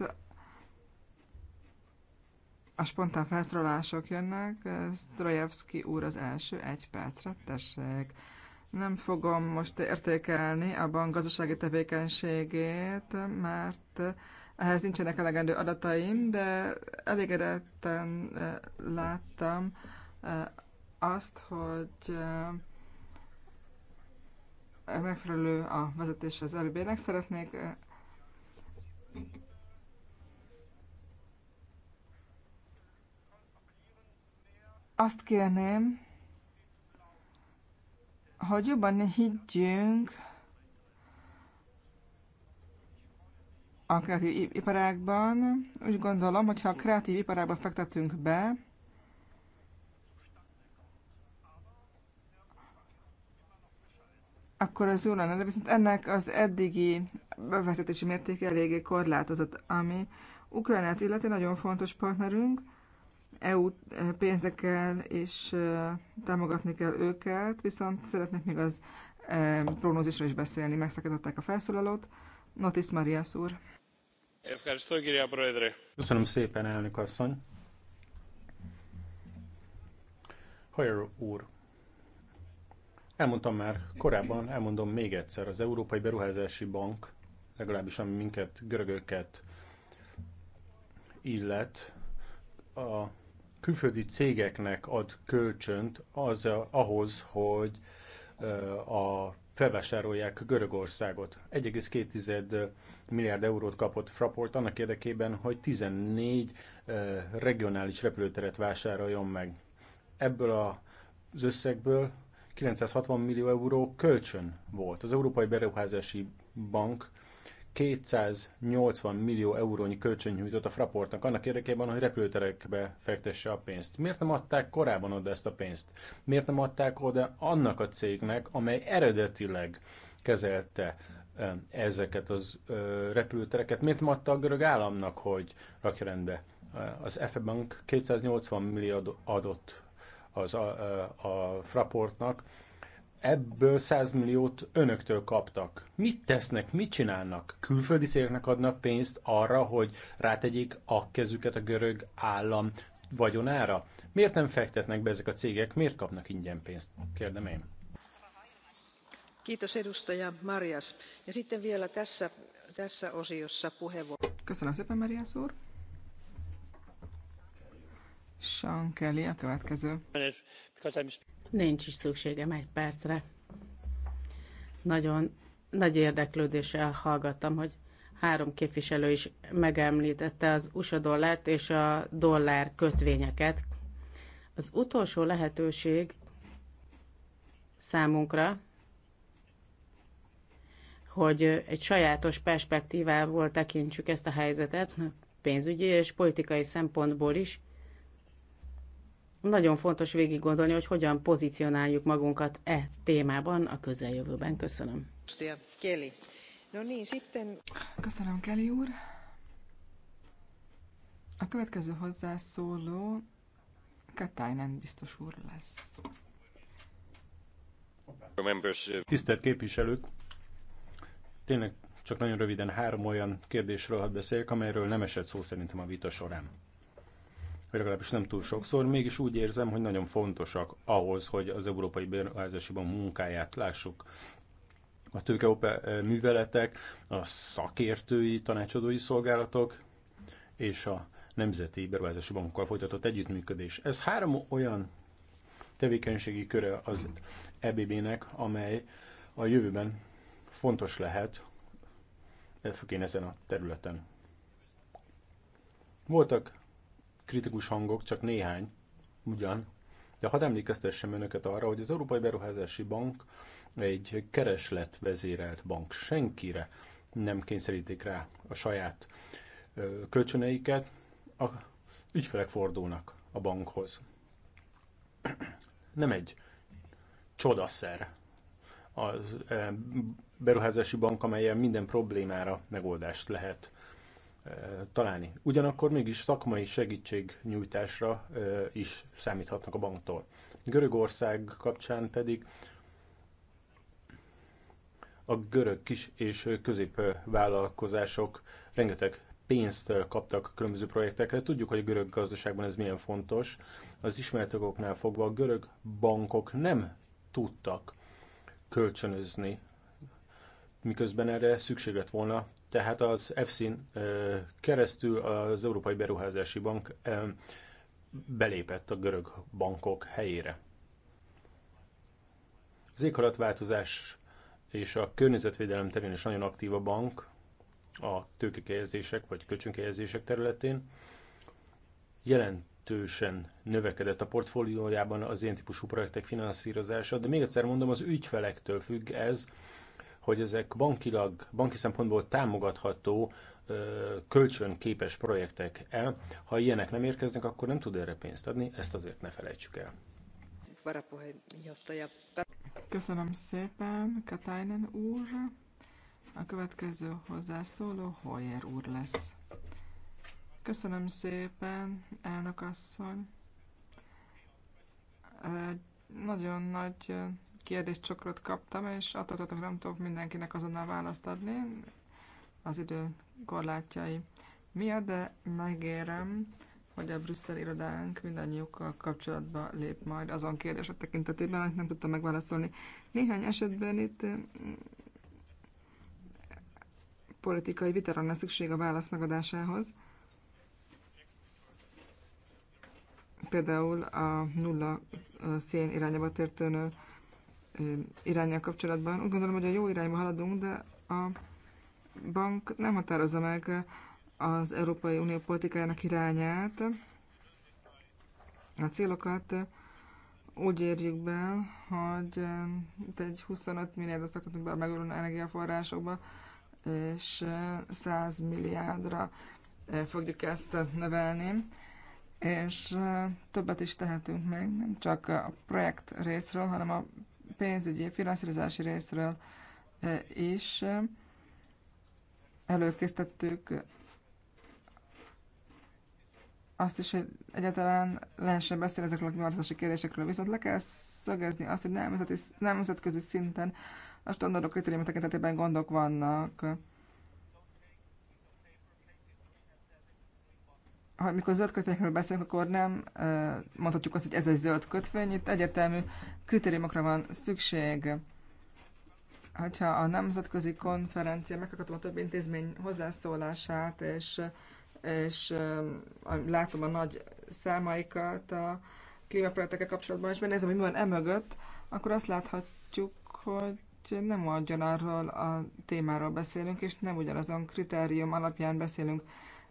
a spontán felszólalások jönnek. Strojevski úr az első, egy percre, tessék. Nem fogom most értékelni a bank gazdasági tevékenységét, mert ehhez nincsenek elegendő adataim, de elégedetten eh, láttam eh, azt, hogy eh, megfelelő a vezetés az lbb e nek Szeretnék azt kérném, hogy jobban higgyünk a kreatív iparákban. Úgy gondolom, hogyha a kreatív iparákban fektetünk be, akkor az jó lenne, de viszont ennek az eddigi befektetési mértéke eléggé korlátozott, ami Ukrajnát illeti nagyon fontos partnerünk, EU pénzekkel és támogatni kell őket, viszont szeretnék még az prognózisra is beszélni. Megszakították a felszólalót. Notis Marias úr. Köszönöm szépen, elnök asszony. Hajer úr, elmondtam már korábban, elmondom még egyszer, az Európai Beruházási Bank, legalábbis ami minket, görögöket illet, a külföldi cégeknek ad kölcsönt az, ahhoz, hogy a felvásárolják Görögországot. 1,2 milliárd eurót kapott Fraport annak érdekében, hogy 14 regionális repülőteret vásároljon meg. Ebből az összegből 960 millió euró kölcsön volt. Az Európai Beruházási Bank 280 millió eurónyi kölcsön nyújtott a Fraportnak annak érdekében, hogy repülőterekbe fektesse a pénzt. Miért nem adták korábban oda ezt a pénzt? Miért nem adták oda annak a cégnek, amely eredetileg kezelte ezeket az repülőtereket? Miért nem adta a görög államnak, hogy rakja rendbe? Az EFE Bank 280 millió adott az a, a, a Fraportnak, ebből 100 milliót önöktől kaptak. Mit tesznek, mit csinálnak? Külföldi cégeknek adnak pénzt arra, hogy rátegyék a kezüket a görög állam vagyonára? Miért nem fektetnek be ezek a cégek, miért kapnak ingyen pénzt? Kérdem én. Kiitos edustaja Marias. Ja sitten vielä tässä, tässä osiossa puheenvuoro. Köszönöm szépen, Marias úr. Sean Kelly a következő. Nincs is szükségem egy percre. Nagyon nagy érdeklődéssel hallgattam, hogy három képviselő is megemlítette az USA dollárt és a dollár kötvényeket. Az utolsó lehetőség számunkra, hogy egy sajátos perspektívából tekintsük ezt a helyzetet, pénzügyi és politikai szempontból is, nagyon fontos végig gondolni, hogy hogyan pozícionáljuk magunkat e témában a közeljövőben. Köszönöm. Köszönöm, Kelly úr. A következő hozzászóló Katainen biztos úr lesz. Tisztelt képviselők! Tényleg csak nagyon röviden három olyan kérdésről hadd beszéljek, amelyről nem esett szó szerintem a vita során vagy legalábbis nem túl sokszor, mégis úgy érzem, hogy nagyon fontosak ahhoz, hogy az Európai beruházásiban munkáját lássuk. A tőkeope eh, műveletek, a szakértői tanácsadói szolgálatok és a Nemzeti Beruházási Bankokkal folytatott együttműködés. Ez három olyan tevékenységi köre az EBB-nek, amely a jövőben fontos lehet, eh, főként ezen a területen. Voltak kritikus hangok, csak néhány, ugyan. De hadd emlékeztessem önöket arra, hogy az Európai Beruházási Bank egy keresletvezérelt bank. Senkire nem kényszerítik rá a saját kölcsöneiket, a ügyfelek fordulnak a bankhoz. Nem egy csodaszer a beruházási bank, amelyen minden problémára megoldást lehet találni. Ugyanakkor mégis szakmai segítségnyújtásra is számíthatnak a banktól. Görögország kapcsán pedig a görög kis és középvállalkozások rengeteg pénzt kaptak különböző projektekre. Tudjuk, hogy a görög gazdaságban ez milyen fontos. Az ismertekoknál fogva a görög bankok nem tudtak kölcsönözni, miközben erre szükség lett volna tehát az EFSIN keresztül az Európai Beruházási Bank belépett a görög bankok helyére. Az éghalatváltozás és a környezetvédelem terén is nagyon aktív a bank a tőkekejezések vagy kölcsönkejezések területén. Jelentősen növekedett a portfóliójában az ilyen típusú projektek finanszírozása, de még egyszer mondom, az ügyfelektől függ ez, hogy ezek bankilag, banki szempontból támogatható kölcsönképes projektek el. Ha ilyenek nem érkeznek, akkor nem tud erre pénzt adni, ezt azért ne felejtsük el. Köszönöm szépen, Katainen úr. A következő hozzászóló Hoyer úr lesz. Köszönöm szépen, elnök asszony. Egy nagyon nagy kérdéscsokrot kaptam, és attól tartok, nem tudok mindenkinek azonnal választ adni az idő korlátjai miatt, de megérem, hogy a Brüsszel irodánk mindannyiukkal kapcsolatba lép majd azon kérdések tekintetében, amit nem tudtam megválaszolni. Néhány esetben itt mm, politikai vitára lesz szükség a válasz megadásához. Például a nulla szén irányába történő irányjal kapcsolatban. Úgy gondolom, hogy a jó irányba haladunk, de a bank nem határozza meg az Európai Unió politikájának irányát. A célokat úgy érjük be, hogy egy 25 milliárdot fektetünk be a megújuló energiaforrásokba, és 100 milliárdra fogjuk ezt növelni, és többet is tehetünk meg, nem csak a projekt részről, hanem a pénzügyi, finanszírozási részről e, is e, előkészítettük azt is, hogy egyáltalán lehessen beszélni ezekről a nyilvánossági kérdésekről, viszont le kell szögezni azt, hogy nemzetközi szinten a standardok kritériumok tekintetében gondok vannak. ha mikor zöld kötvényekről beszélünk, akkor nem mondhatjuk azt, hogy ez egy zöld kötvény. Itt egyértelmű kritériumokra van szükség. Hogyha a nemzetközi konferencia meghallgatom a több intézmény hozzászólását, és, és látom a nagy számaikat a klímaprojektekkel kapcsolatban, és megnézem, hogy mi van emögött, akkor azt láthatjuk, hogy nem ugyanarról a témáról beszélünk, és nem ugyanazon kritérium alapján beszélünk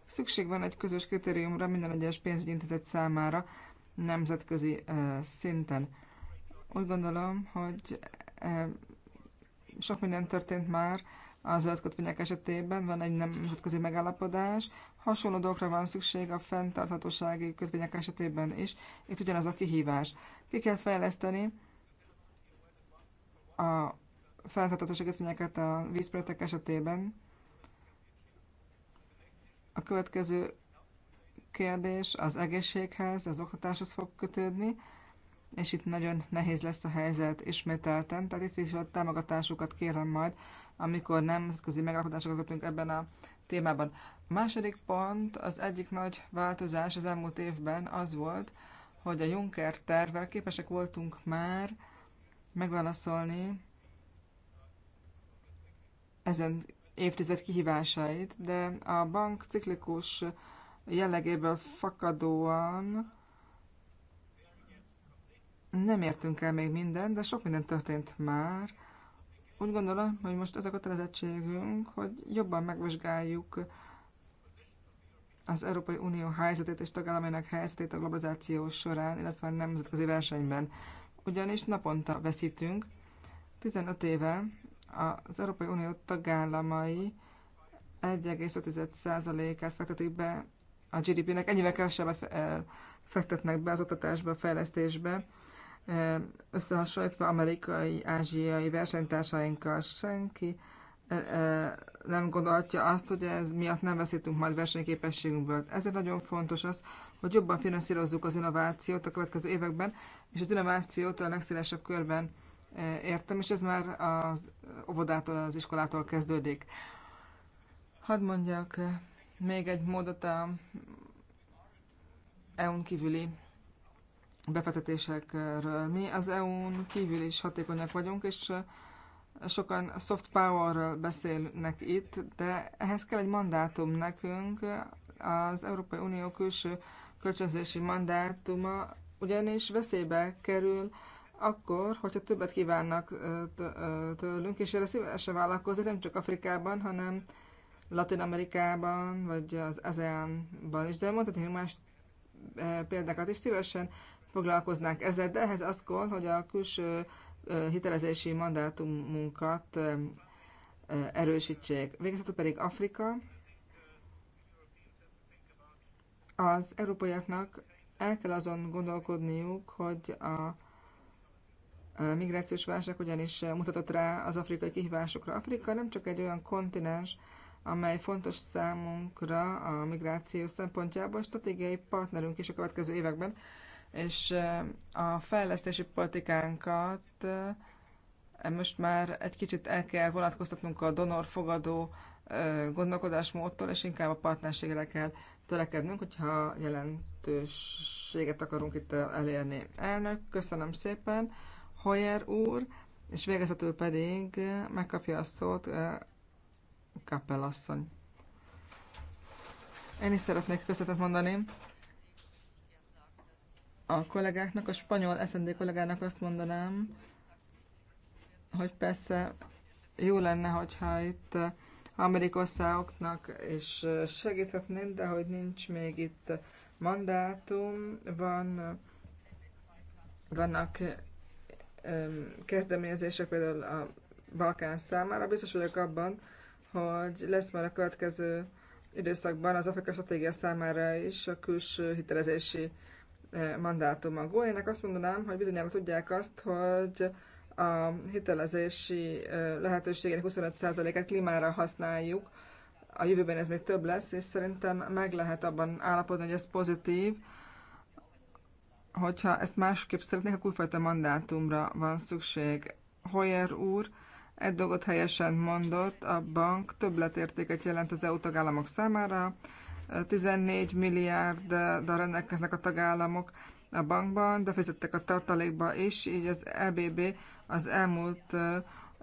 Szükség van egy közös kritériumra minden egyes pénzügyi intézet számára nemzetközi szinten. Úgy gondolom, hogy sok minden történt már a zöld kötvények esetében, van egy nemzetközi megállapodás, hasonló dolgokra van szükség a fenntarthatósági kötvények esetében is, itt ugyanaz a kihívás. Ki kell fejleszteni a fenntarthatósági kötvényeket a vízprojektek esetében, a következő kérdés az egészséghez, az oktatáshoz fog kötődni, és itt nagyon nehéz lesz a helyzet ismételten, tehát itt is a támogatásukat kérem majd, amikor nemzetközi megállapodásokat kötünk ebben a témában. A második pont, az egyik nagy változás az elmúlt évben az volt, hogy a Juncker tervvel képesek voltunk már megválaszolni ezen évtized kihívásait, de a bank ciklikus jellegéből fakadóan nem értünk el még mindent, de sok minden történt már. Úgy gondolom, hogy most az a kötelezettségünk, hogy jobban megvizsgáljuk az Európai Unió helyzetét és tagállamainak helyzetét a globalizáció során, illetve a nemzetközi versenyben. Ugyanis naponta veszítünk. 15 éve az Európai Unió tagállamai 1,5%-át fektetik be a GDP-nek, ennyivel kevesebbet eh, fektetnek be az oktatásba, fejlesztésbe, eh, összehasonlítva amerikai, ázsiai versenytársainkkal senki eh, nem gondolhatja azt, hogy ez miatt nem veszítünk majd versenyképességünkből. Ezért nagyon fontos az, hogy jobban finanszírozzuk az innovációt a következő években, és az innovációt a legszélesebb körben értem, és ez már az óvodától, az iskolától kezdődik. Hadd mondjak még egy módot a EU-n kívüli befektetésekről. Mi az EU-n kívül is hatékonyak vagyunk, és sokan soft powerről beszélnek itt, de ehhez kell egy mandátum nekünk. Az Európai Unió külső kölcsönzési mandátuma ugyanis veszélybe kerül, akkor, hogyha többet kívánnak tőlünk, és erre szívesen vállalkozni, nem csak Afrikában, hanem Latin Amerikában, vagy az ASEAN-ban is, de mondhatnék más példákat is szívesen foglalkoznánk ezzel, de ehhez az kon, hogy a külső hitelezési mandátumunkat erősítsék. Végezetül pedig Afrika. Az európaiaknak el kell azon gondolkodniuk, hogy a migrációs válság ugyanis mutatott rá az afrikai kihívásokra. Afrika nem csak egy olyan kontinens, amely fontos számunkra a migráció szempontjából, stratégiai partnerünk is a következő években, és eh, a fejlesztési politikánkat eh, most már egy kicsit el kell vonatkoztatnunk a donor-fogadó eh, gondolkodásmódtól, és inkább a partnerségre kell törekednünk, hogyha jelentőséget akarunk itt elérni. Elnök, köszönöm szépen! Hoyer úr, és végezetül pedig megkapja a szót eh, Kappel asszony. Én is szeretnék köszönetet mondani a kollégáknak, a spanyol SND kollégának azt mondanám, hogy persze jó lenne, hogyha itt Amerikországoknak is segíthetnénk, de hogy nincs még itt mandátum, van, vannak kezdeményezések például a Balkán számára. Biztos vagyok abban, hogy lesz már a következő időszakban az Afrika stratégia számára is a külső hitelezési mandátum. A Góének azt mondanám, hogy bizonyára tudják azt, hogy a hitelezési lehetőségének 25%-át klímára használjuk. A jövőben ez még több lesz, és szerintem meg lehet abban állapodni, hogy ez pozitív, hogyha ezt másképp szeretnék, akkor újfajta mandátumra van szükség. Hoyer úr egy dolgot helyesen mondott, a bank többletértéket jelent az EU tagállamok számára, 14 milliárddal rendelkeznek a tagállamok a bankban, befizettek a tartalékba is, így az EBB az elmúlt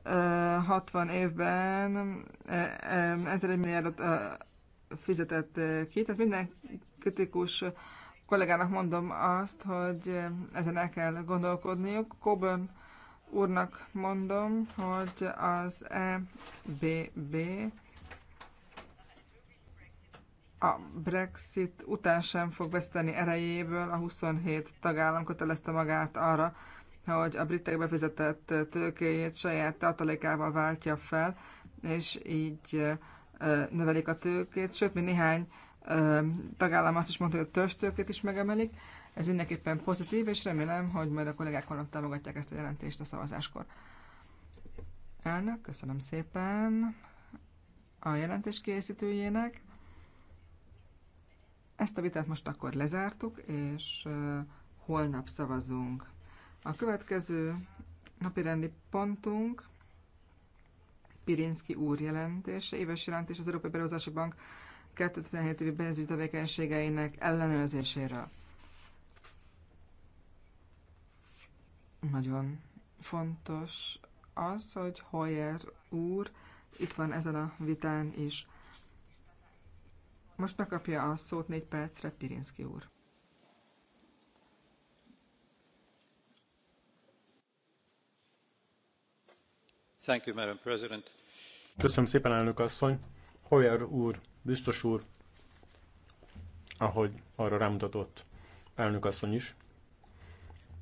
60 évben 1000 milliárdot fizetett ki, tehát minden kritikus kollégának mondom azt, hogy ezen el kell gondolkodniuk. Coburn úrnak mondom, hogy az EBB a Brexit után sem fog veszteni erejéből. A 27 tagállam kötelezte magát arra, hogy a britek befizetett tőkéjét saját tartalékával váltja fel, és így növelik a tőkét, sőt, mi néhány tagállam azt is mondta, hogy a törstőkét is megemelik. Ez mindenképpen pozitív, és remélem, hogy majd a kollégák holnap támogatják ezt a jelentést a szavazáskor. Elnök, köszönöm szépen a jelentés készítőjének. Ezt a vitát most akkor lezártuk, és holnap szavazunk. A következő napirendi pontunk Pirinski úr jelentése, éves jelentés az Európai Berózási Bank 2017 évi pénzügyi tevékenységeinek ellenőrzéséről. Nagyon fontos az, hogy Hoyer úr itt van ezen a vitán is. Most megkapja a szót négy percre Pirinszki úr. Thank you, Madam President. Köszönöm szépen, elnök asszony. Hoyer úr Biztos úr, ahogy arra rámutatott asszony is,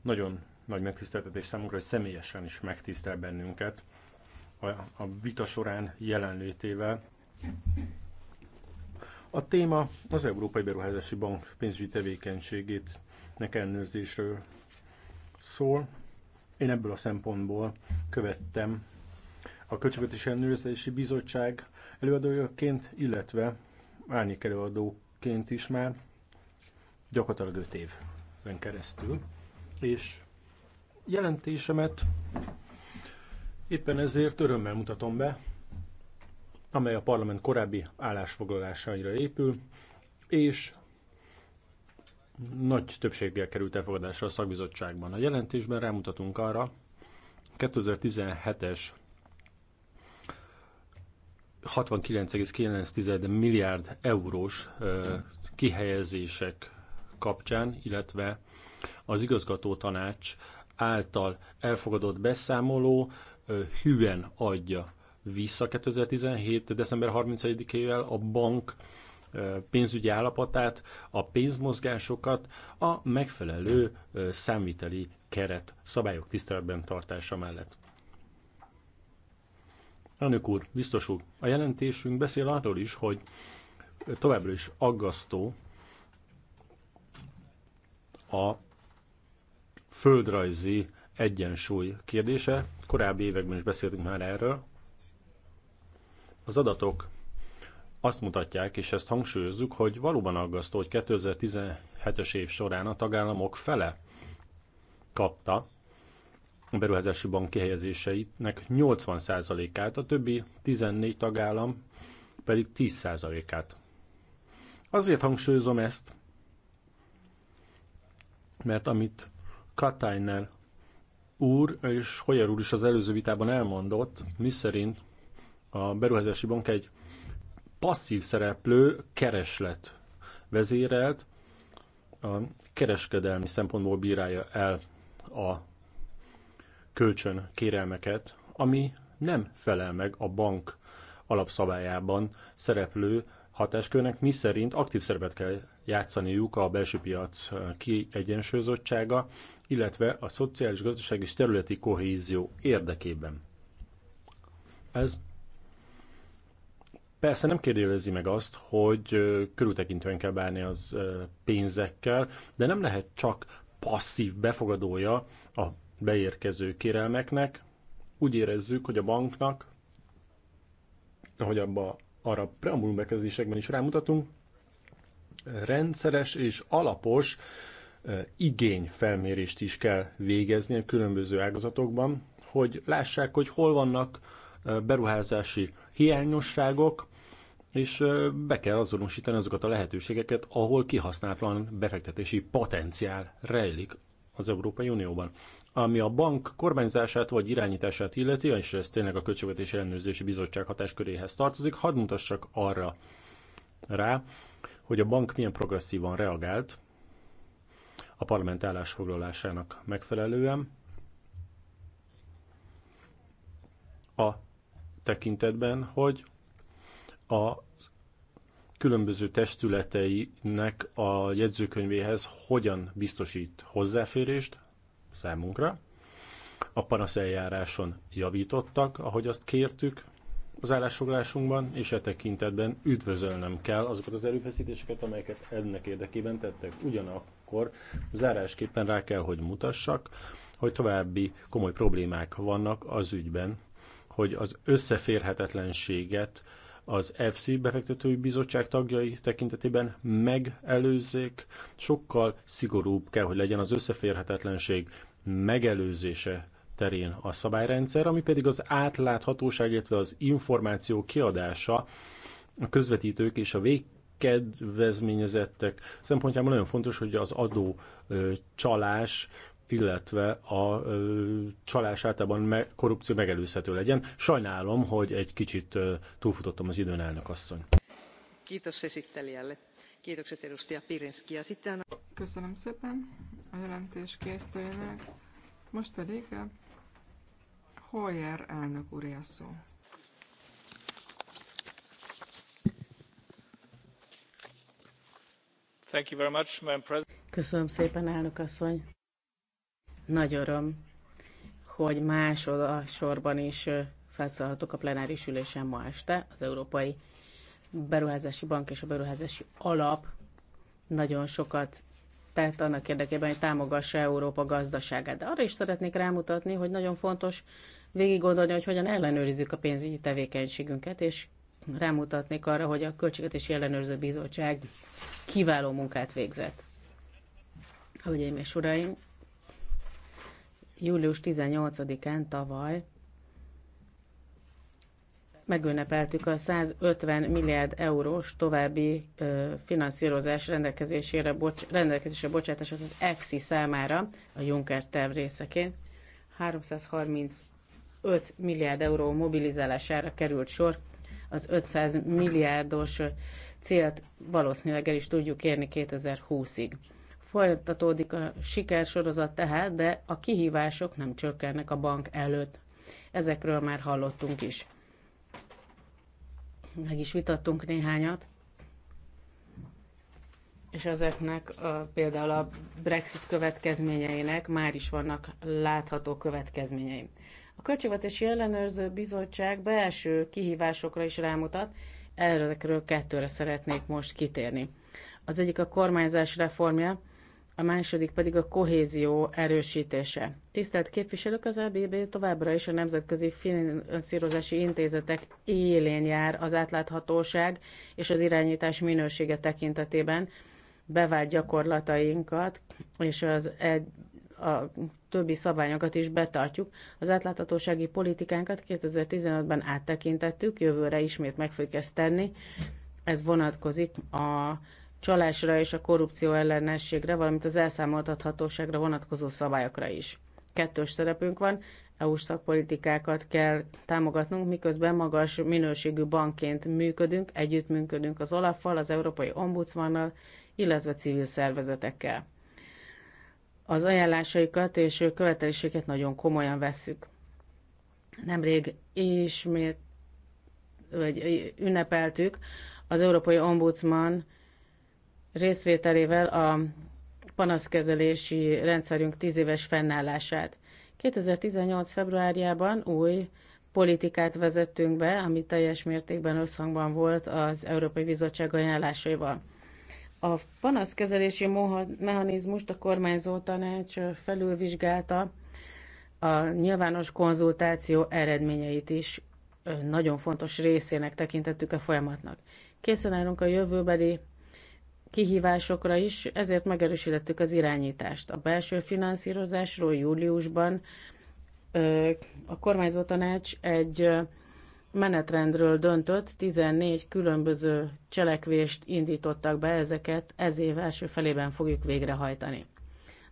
nagyon nagy megtiszteltetés számunkra, hogy személyesen is megtisztel bennünket a, a vita során jelenlétével. A téma az Európai Beruházási Bank pénzügyi tevékenységét ellenőrzésről szól. Én ebből a szempontból követtem a Költségvetési Ellenőrzési Bizottság előadójaként, illetve árnyék előadóként is már gyakorlatilag 5 évben keresztül, és jelentésemet éppen ezért örömmel mutatom be, amely a parlament korábbi állásfoglalásaira épül, és nagy többséggel került elfogadásra a szakbizottságban. A jelentésben rámutatunk arra, 2017-es 69,9 milliárd eurós kihelyezések kapcsán, illetve az igazgató tanács által elfogadott beszámoló hűen adja vissza 2017. december 31-ével a bank pénzügyi állapotát, a pénzmozgásokat a megfelelő számviteli keret szabályok tiszteletben tartása mellett. Elnök úr, biztos úr, a jelentésünk beszél arról is, hogy továbbra is aggasztó a földrajzi egyensúly kérdése. Korábbi években is beszéltünk már erről. Az adatok azt mutatják, és ezt hangsúlyozzuk, hogy valóban aggasztó, hogy 2017-es év során a tagállamok fele kapta beruházási bank kihelyezéseinek 80%-át, a többi 14 tagállam pedig 10%-át. Azért hangsúlyozom ezt, mert amit Katainer úr és Hoyer úr is az előző vitában elmondott, miszerint a beruházási bank egy passzív szereplő kereslet vezérelt, a kereskedelmi szempontból bírálja el a kölcsön kérelmeket, ami nem felel meg a bank alapszabályában szereplő hatáskörnek, mi szerint aktív szerepet kell játszaniuk a belső piac kiegyensúlyozottsága, illetve a szociális, gazdaság és területi kohézió érdekében. Ez persze nem kérdőjelezi meg azt, hogy körültekintően kell bánni az pénzekkel, de nem lehet csak passzív befogadója a beérkező kérelmeknek. Úgy érezzük, hogy a banknak, ahogy abba arra preambul bekezdésekben is rámutatunk, rendszeres és alapos igényfelmérést is kell végezni a különböző ágazatokban, hogy lássák, hogy hol vannak beruházási hiányosságok, és be kell azonosítani azokat a lehetőségeket, ahol kihasználatlan befektetési potenciál rejlik az Európai Unióban. Ami a bank kormányzását vagy irányítását illeti, és ez tényleg a Költségvetési Ellenőrzési Bizottság hatásköréhez tartozik, hadd mutassak arra rá, hogy a bank milyen progresszívan reagált a parlament állásfoglalásának megfelelően a tekintetben, hogy a különböző testületeinek a jegyzőkönyvéhez hogyan biztosít hozzáférést számunkra. A panaszeljáráson javítottak, ahogy azt kértük az állásfoglalásunkban, és e tekintetben üdvözölnem kell azokat az erőfeszítéseket, amelyeket ennek érdekében tettek. Ugyanakkor zárásképpen rá kell, hogy mutassak, hogy további komoly problémák vannak az ügyben, hogy az összeférhetetlenséget az FC befektetői bizottság tagjai tekintetében megelőzzék, sokkal szigorúbb kell, hogy legyen az összeférhetetlenség megelőzése terén a szabályrendszer, ami pedig az átláthatóság, illetve az információ kiadása a közvetítők és a vég kedvezményezettek szempontjából nagyon fontos, hogy az adó csalás illetve a csalás általában korrupció megelőzhető legyen. Sajnálom, hogy egy kicsit túlfutottam az időn, elnök asszony. Köszönöm szépen a jelentés készítőjének. Most pedig Hoyer elnök úr a szó. Thank you very much, Madam President. Köszönöm szépen, elnök asszony nagy öröm, hogy sorban is felszállhatok a plenáris ülésen ma este. Az Európai Beruházási Bank és a Beruházási Alap nagyon sokat tett annak érdekében, hogy támogassa Európa gazdaságát. De arra is szeretnék rámutatni, hogy nagyon fontos végig gondolni, hogy hogyan ellenőrizzük a pénzügyi tevékenységünket, és rámutatnék arra, hogy a Költségvetési Ellenőrző Bizottság kiváló munkát végzett. én és uraim, Július 18-án tavaly megünnepeltük a 150 milliárd eurós további ö, finanszírozás rendelkezésére, bocs, rendelkezésre bocsátását az EFSI számára, a Juncker terv részeként. 335 milliárd euró mobilizálására került sor, az 500 milliárdos célt valószínűleg el is tudjuk érni 2020-ig. Folytatódik a sikersorozat tehát, de a kihívások nem csökkennek a bank előtt. Ezekről már hallottunk is. Meg is vitattunk néhányat. És ezeknek a, például a Brexit következményeinek már is vannak látható következményei. A Költségvetési Ellenőrző Bizottság belső kihívásokra is rámutat, erről kettőre szeretnék most kitérni. Az egyik a kormányzás reformja, a második pedig a kohézió erősítése. Tisztelt képviselők, az EBB továbbra is a Nemzetközi Finanszírozási Intézetek élén jár az átláthatóság és az irányítás minősége tekintetében bevált gyakorlatainkat, és az egy, a többi szabályokat is betartjuk. Az átláthatósági politikánkat 2015-ben áttekintettük, jövőre ismét meg fogjuk ezt tenni. Ez vonatkozik a csalásra és a korrupció ellenességre, valamint az elszámoltathatóságra vonatkozó szabályokra is. Kettős szerepünk van, EU-s szakpolitikákat kell támogatnunk, miközben magas minőségű bankként működünk, együttműködünk az Olaffal, az Európai Ombudsmannal, illetve civil szervezetekkel. Az ajánlásaikat és követeléseket nagyon komolyan vesszük. Nemrég ismét vagy ünnepeltük az Európai Ombudsman részvételével a panaszkezelési rendszerünk tíz éves fennállását. 2018. februárjában új politikát vezettünk be, ami teljes mértékben összhangban volt az Európai Bizottság ajánlásaival. A panaszkezelési mechanizmust a kormányzó tanács felülvizsgálta, a nyilvános konzultáció eredményeit is nagyon fontos részének tekintettük a folyamatnak. Készen állunk a jövőbeli kihívásokra is, ezért megerősítettük az irányítást. A belső finanszírozásról júliusban a kormányzó tanács egy menetrendről döntött, 14 különböző cselekvést indítottak be, ezeket ez év első felében fogjuk végrehajtani.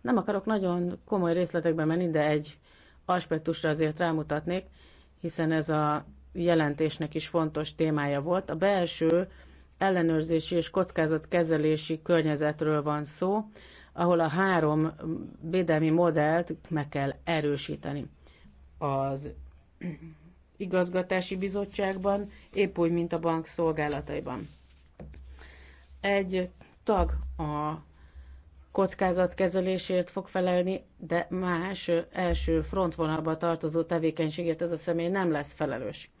Nem akarok nagyon komoly részletekbe menni, de egy aspektusra azért rámutatnék, hiszen ez a jelentésnek is fontos témája volt. A belső ellenőrzési és kockázatkezelési környezetről van szó, ahol a három védelmi modellt meg kell erősíteni. Az igazgatási bizottságban, épp úgy, mint a bank szolgálataiban. Egy tag a kockázatkezelésért fog felelni, de más első frontvonalba tartozó tevékenységért ez a személy nem lesz felelős.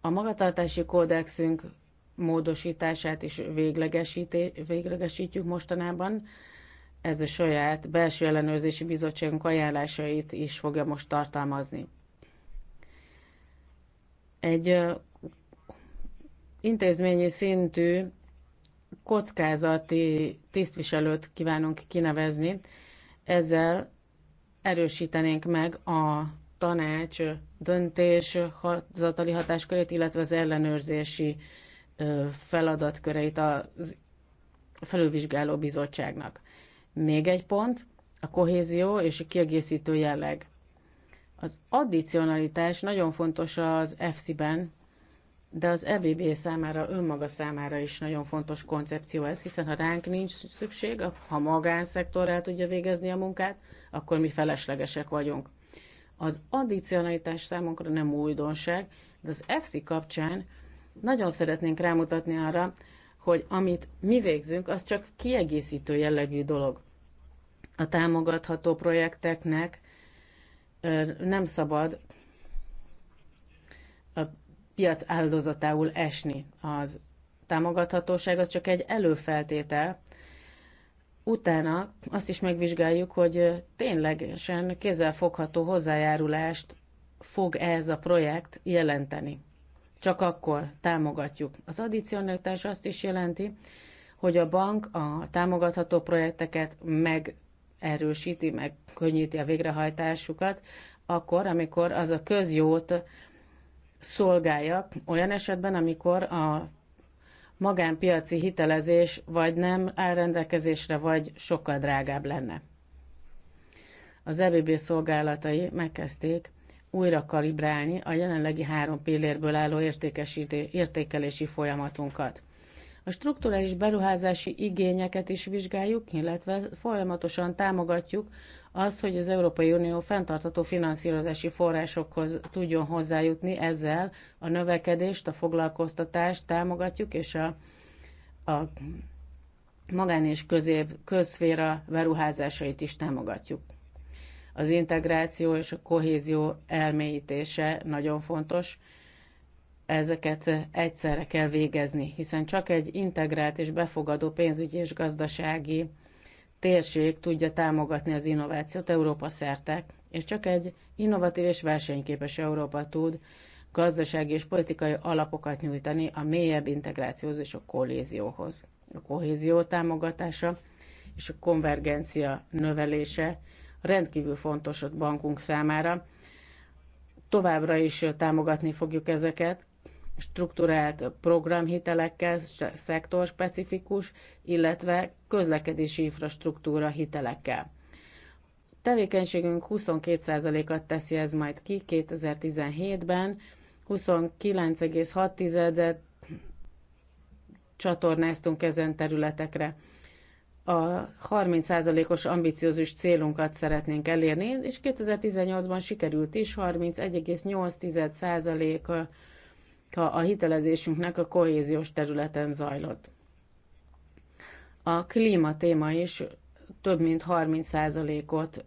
A magatartási kódexünk módosítását is véglegesítjük mostanában. Ez a saját belső ellenőrzési bizottságunk ajánlásait is fogja most tartalmazni. Egy intézményi szintű kockázati tisztviselőt kívánunk kinevezni. Ezzel erősítenénk meg a tanács döntés hatazatali hatáskörét, illetve az ellenőrzési feladatköreit az felülvizsgáló bizottságnak. Még egy pont, a kohézió és a kiegészítő jelleg. Az addicionalitás nagyon fontos az FC-ben, de az EBB számára, önmaga számára is nagyon fontos koncepció ez, hiszen ha ránk nincs szükség, ha magánszektor el tudja végezni a munkát, akkor mi feleslegesek vagyunk. Az addicionalitás számunkra nem újdonság, de az FC kapcsán nagyon szeretnénk rámutatni arra, hogy amit mi végzünk, az csak kiegészítő jellegű dolog. A támogatható projekteknek nem szabad a piac áldozatául esni. Az támogathatóság az csak egy előfeltétel. Utána azt is megvizsgáljuk, hogy ténylegesen kézzelfogható hozzájárulást fog ez a projekt jelenteni csak akkor támogatjuk. Az addicionalitás azt is jelenti, hogy a bank a támogatható projekteket megerősíti, meg könnyíti a végrehajtásukat, akkor, amikor az a közjót szolgálja, olyan esetben, amikor a magánpiaci hitelezés vagy nem áll rendelkezésre, vagy sokkal drágább lenne. Az EBB szolgálatai megkezdték újra kalibrálni a jelenlegi három pillérből álló értékelési folyamatunkat. A strukturális beruházási igényeket is vizsgáljuk, illetve folyamatosan támogatjuk azt, hogy az Európai Unió fenntartható finanszírozási forrásokhoz tudjon hozzájutni, ezzel a növekedést, a foglalkoztatást támogatjuk, és a, a magán és közép közszféra beruházásait is támogatjuk az integráció és a kohézió elmélyítése nagyon fontos. Ezeket egyszerre kell végezni, hiszen csak egy integrált és befogadó pénzügyi és gazdasági térség tudja támogatni az innovációt Európa szerte, és csak egy innovatív és versenyképes Európa tud gazdasági és politikai alapokat nyújtani a mélyebb integrációhoz és a kohézióhoz. A kohézió támogatása és a konvergencia növelése rendkívül fontos a bankunk számára. Továbbra is támogatni fogjuk ezeket, struktúrált programhitelekkel, szektorspecifikus, illetve közlekedési infrastruktúra hitelekkel. Tevékenységünk 22%-at teszi ez majd ki 2017-ben, 29,6-et csatornáztunk ezen területekre a 30%-os ambiciózus célunkat szeretnénk elérni, és 2018-ban sikerült is 31,8%-a a hitelezésünknek a kohéziós területen zajlott. A klíma téma is több mint 30%-ot